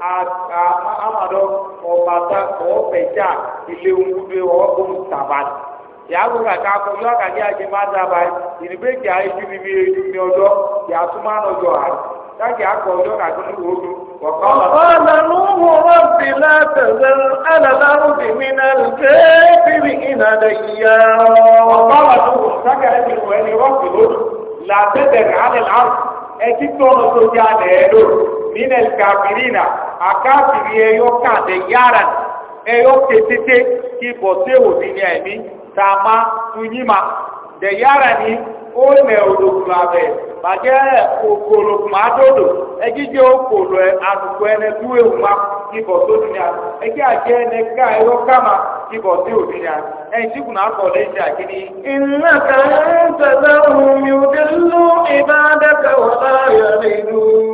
amadu ɔbata ɔbɛdza ilewudu ɔbom taba yàgò kàkà kò yọ kàkì àti má daba ìdìbèkì àìsí bíbí ẹdùnmí ọjọ yàtúmọ ànọjọ ha kàkì àkọ yọ kàkì nínú ojú. وقال نوح رب لا تذر على الأرض من الكافرين ديارا وقال نوح سكرت الوالي رب لا تذر على الأرض أكيد تونسو جانه من الكافرين akafiri eyo kade yaran eyo ketete ki bote odini emi tama tunyima de yarani o le olokun abe bàjẹ́ okòlò màdòdò ẹjíjẹ́ okòlò àdùkọ ẹni dúwé wùmá ibọ̀ tó dùn yà ẹjẹ́ àjẹ́ ẹni ká ẹ̀rọ kàmá ibọ̀ tí ò dùn yà ẹ̀yìn tí kùnà kọ̀ lẹ́yìn àkíní. iná kan ń tẹ̀lé ohun mi ò dé lú ìbá dẹ́kẹ̀ wọ́n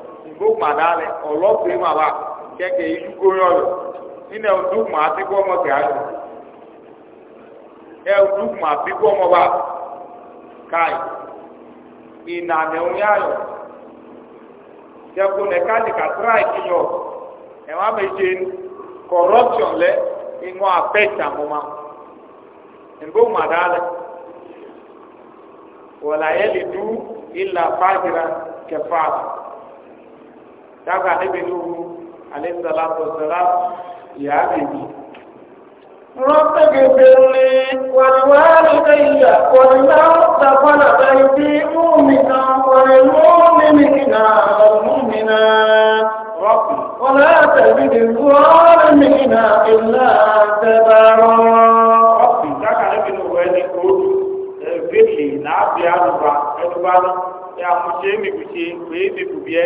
ìgbó padà lẹ ọlọ́pàá ìmọ̀ àbá kẹ́kẹ́ ìdúgbò yọ̀lọ̀ nínú ẹ̀dùnkùn àti gbọ́mọ kẹ́hàlù ẹ̀dùnkùn àti gbọ́mọ bá káì ìnànà òun yọ méje corruption lẹ ìmọ̀ àpẹ́ẹ̀tì àmọ́má ìgbó padà lẹ wọ̀là yẹ́ lè dú ìlà kẹfà. dábàá níbi lóru alẹ́sàlámù sàlámù ìyá bèbí. ربك برني والوالدي ولمن دخل بيتي مؤمنا وللمؤمنين والمؤمنات ولا تزد الظالمين إلا تبارا ربي ذكر ابن وين قول فيه نعبي عنه فأنبانا يا مسيمي بشيء ويبي ببيه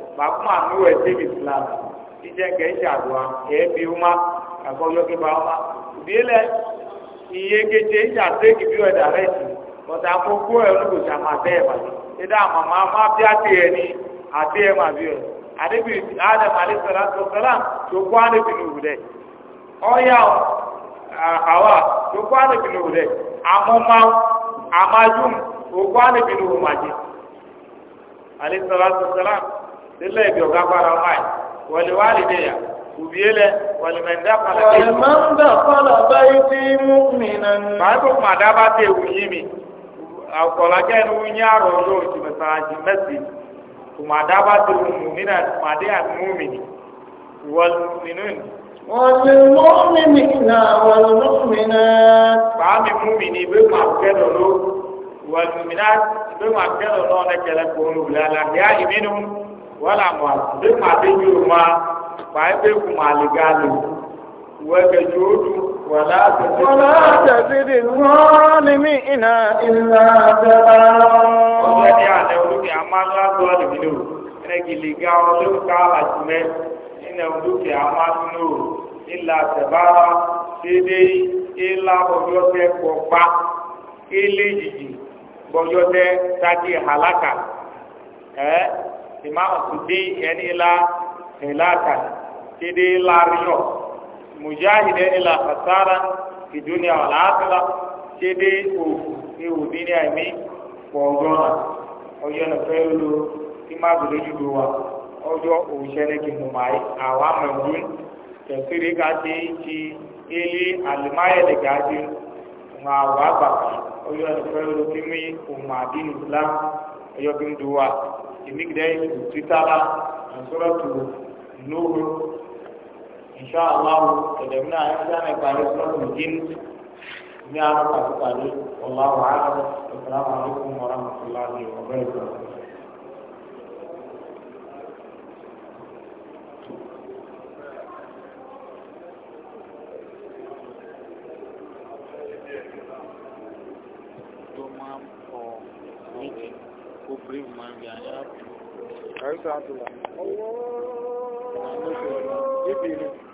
màkúmà níwọ̀ ẹ̀sìn islam ìjẹ́ kẹ́sì àdúrà ẹ̀ẹ́bí ọmọ àkọ́yọ́kí bá ọmọ ìbílẹ̀ iye kejì ẹ̀sì àtẹ́kì bí ọ̀dà rẹ̀ sí àkókò ẹ̀rú kò sà máa bẹ́ẹ̀ bá ẹ̀dá àmàmà má bí àti ní àti má bí àdébí tó kó tó kó àmọ́má àmájú tẹ́lẹ̀ ìbí ọ̀gá gbára ọmọ yìí wọlé wà lè dẹ̀yà òbí yé lẹ wọlé mẹ́ta kọlẹ̀ bẹ́ẹ̀. wọlé máa ń dà kọlà báyìí tí mú mi nàní. báyìí kò kùmà dábàá tẹ ewu yí mi àkọlà jẹ́ ẹni wọ́n yá àrọ̀ ọ̀dọ́ òjìmẹ̀sàájì mẹ́sì kùmà dábàá tẹ ewu mú mi nàní kùmà dé àmú mi wọlé mi nù wọlé mú mi nì nà wọlé mú mi nà. bàá mi mú mi nì ìwé máa kẹ́ lọ́lọ́ wọlé mi nà ìwé máa kẹ́ lọ́lọ́ ọ̀nẹ́kẹ́lẹ́ kò ń wala mo de ma de yuru ma ba e be ku ma le ga le wa ke jodu wala ta wala ta ina illa o a le o ti a ma la do le mi lo ki le ga o le ka a ti me ina o du a ma illa de illa e o yo ko pa ile e jiji te ta imam sudi yani ila hilaka kidi la riyo mujahid yani ila khasara fi dunya wal akhirah kidi u iwu dini ami ko ngona oyo na pelu ima gudu duwa ojo o shere ki mumai awa mun tafsiri ka ti ti ili almaye de gadi nga wa ba oyo na pelu kimi umma din islam oyo kim duwa imigdai tutara suratu nuhu insha Allah kada muna yin zane bare suratu jin ni a rafa su tare wallahu a'lam assalamu alaikum wa rahmatullahi wa barakatuh Ibrahim máa ń bí ayá àrùsọ àtùlà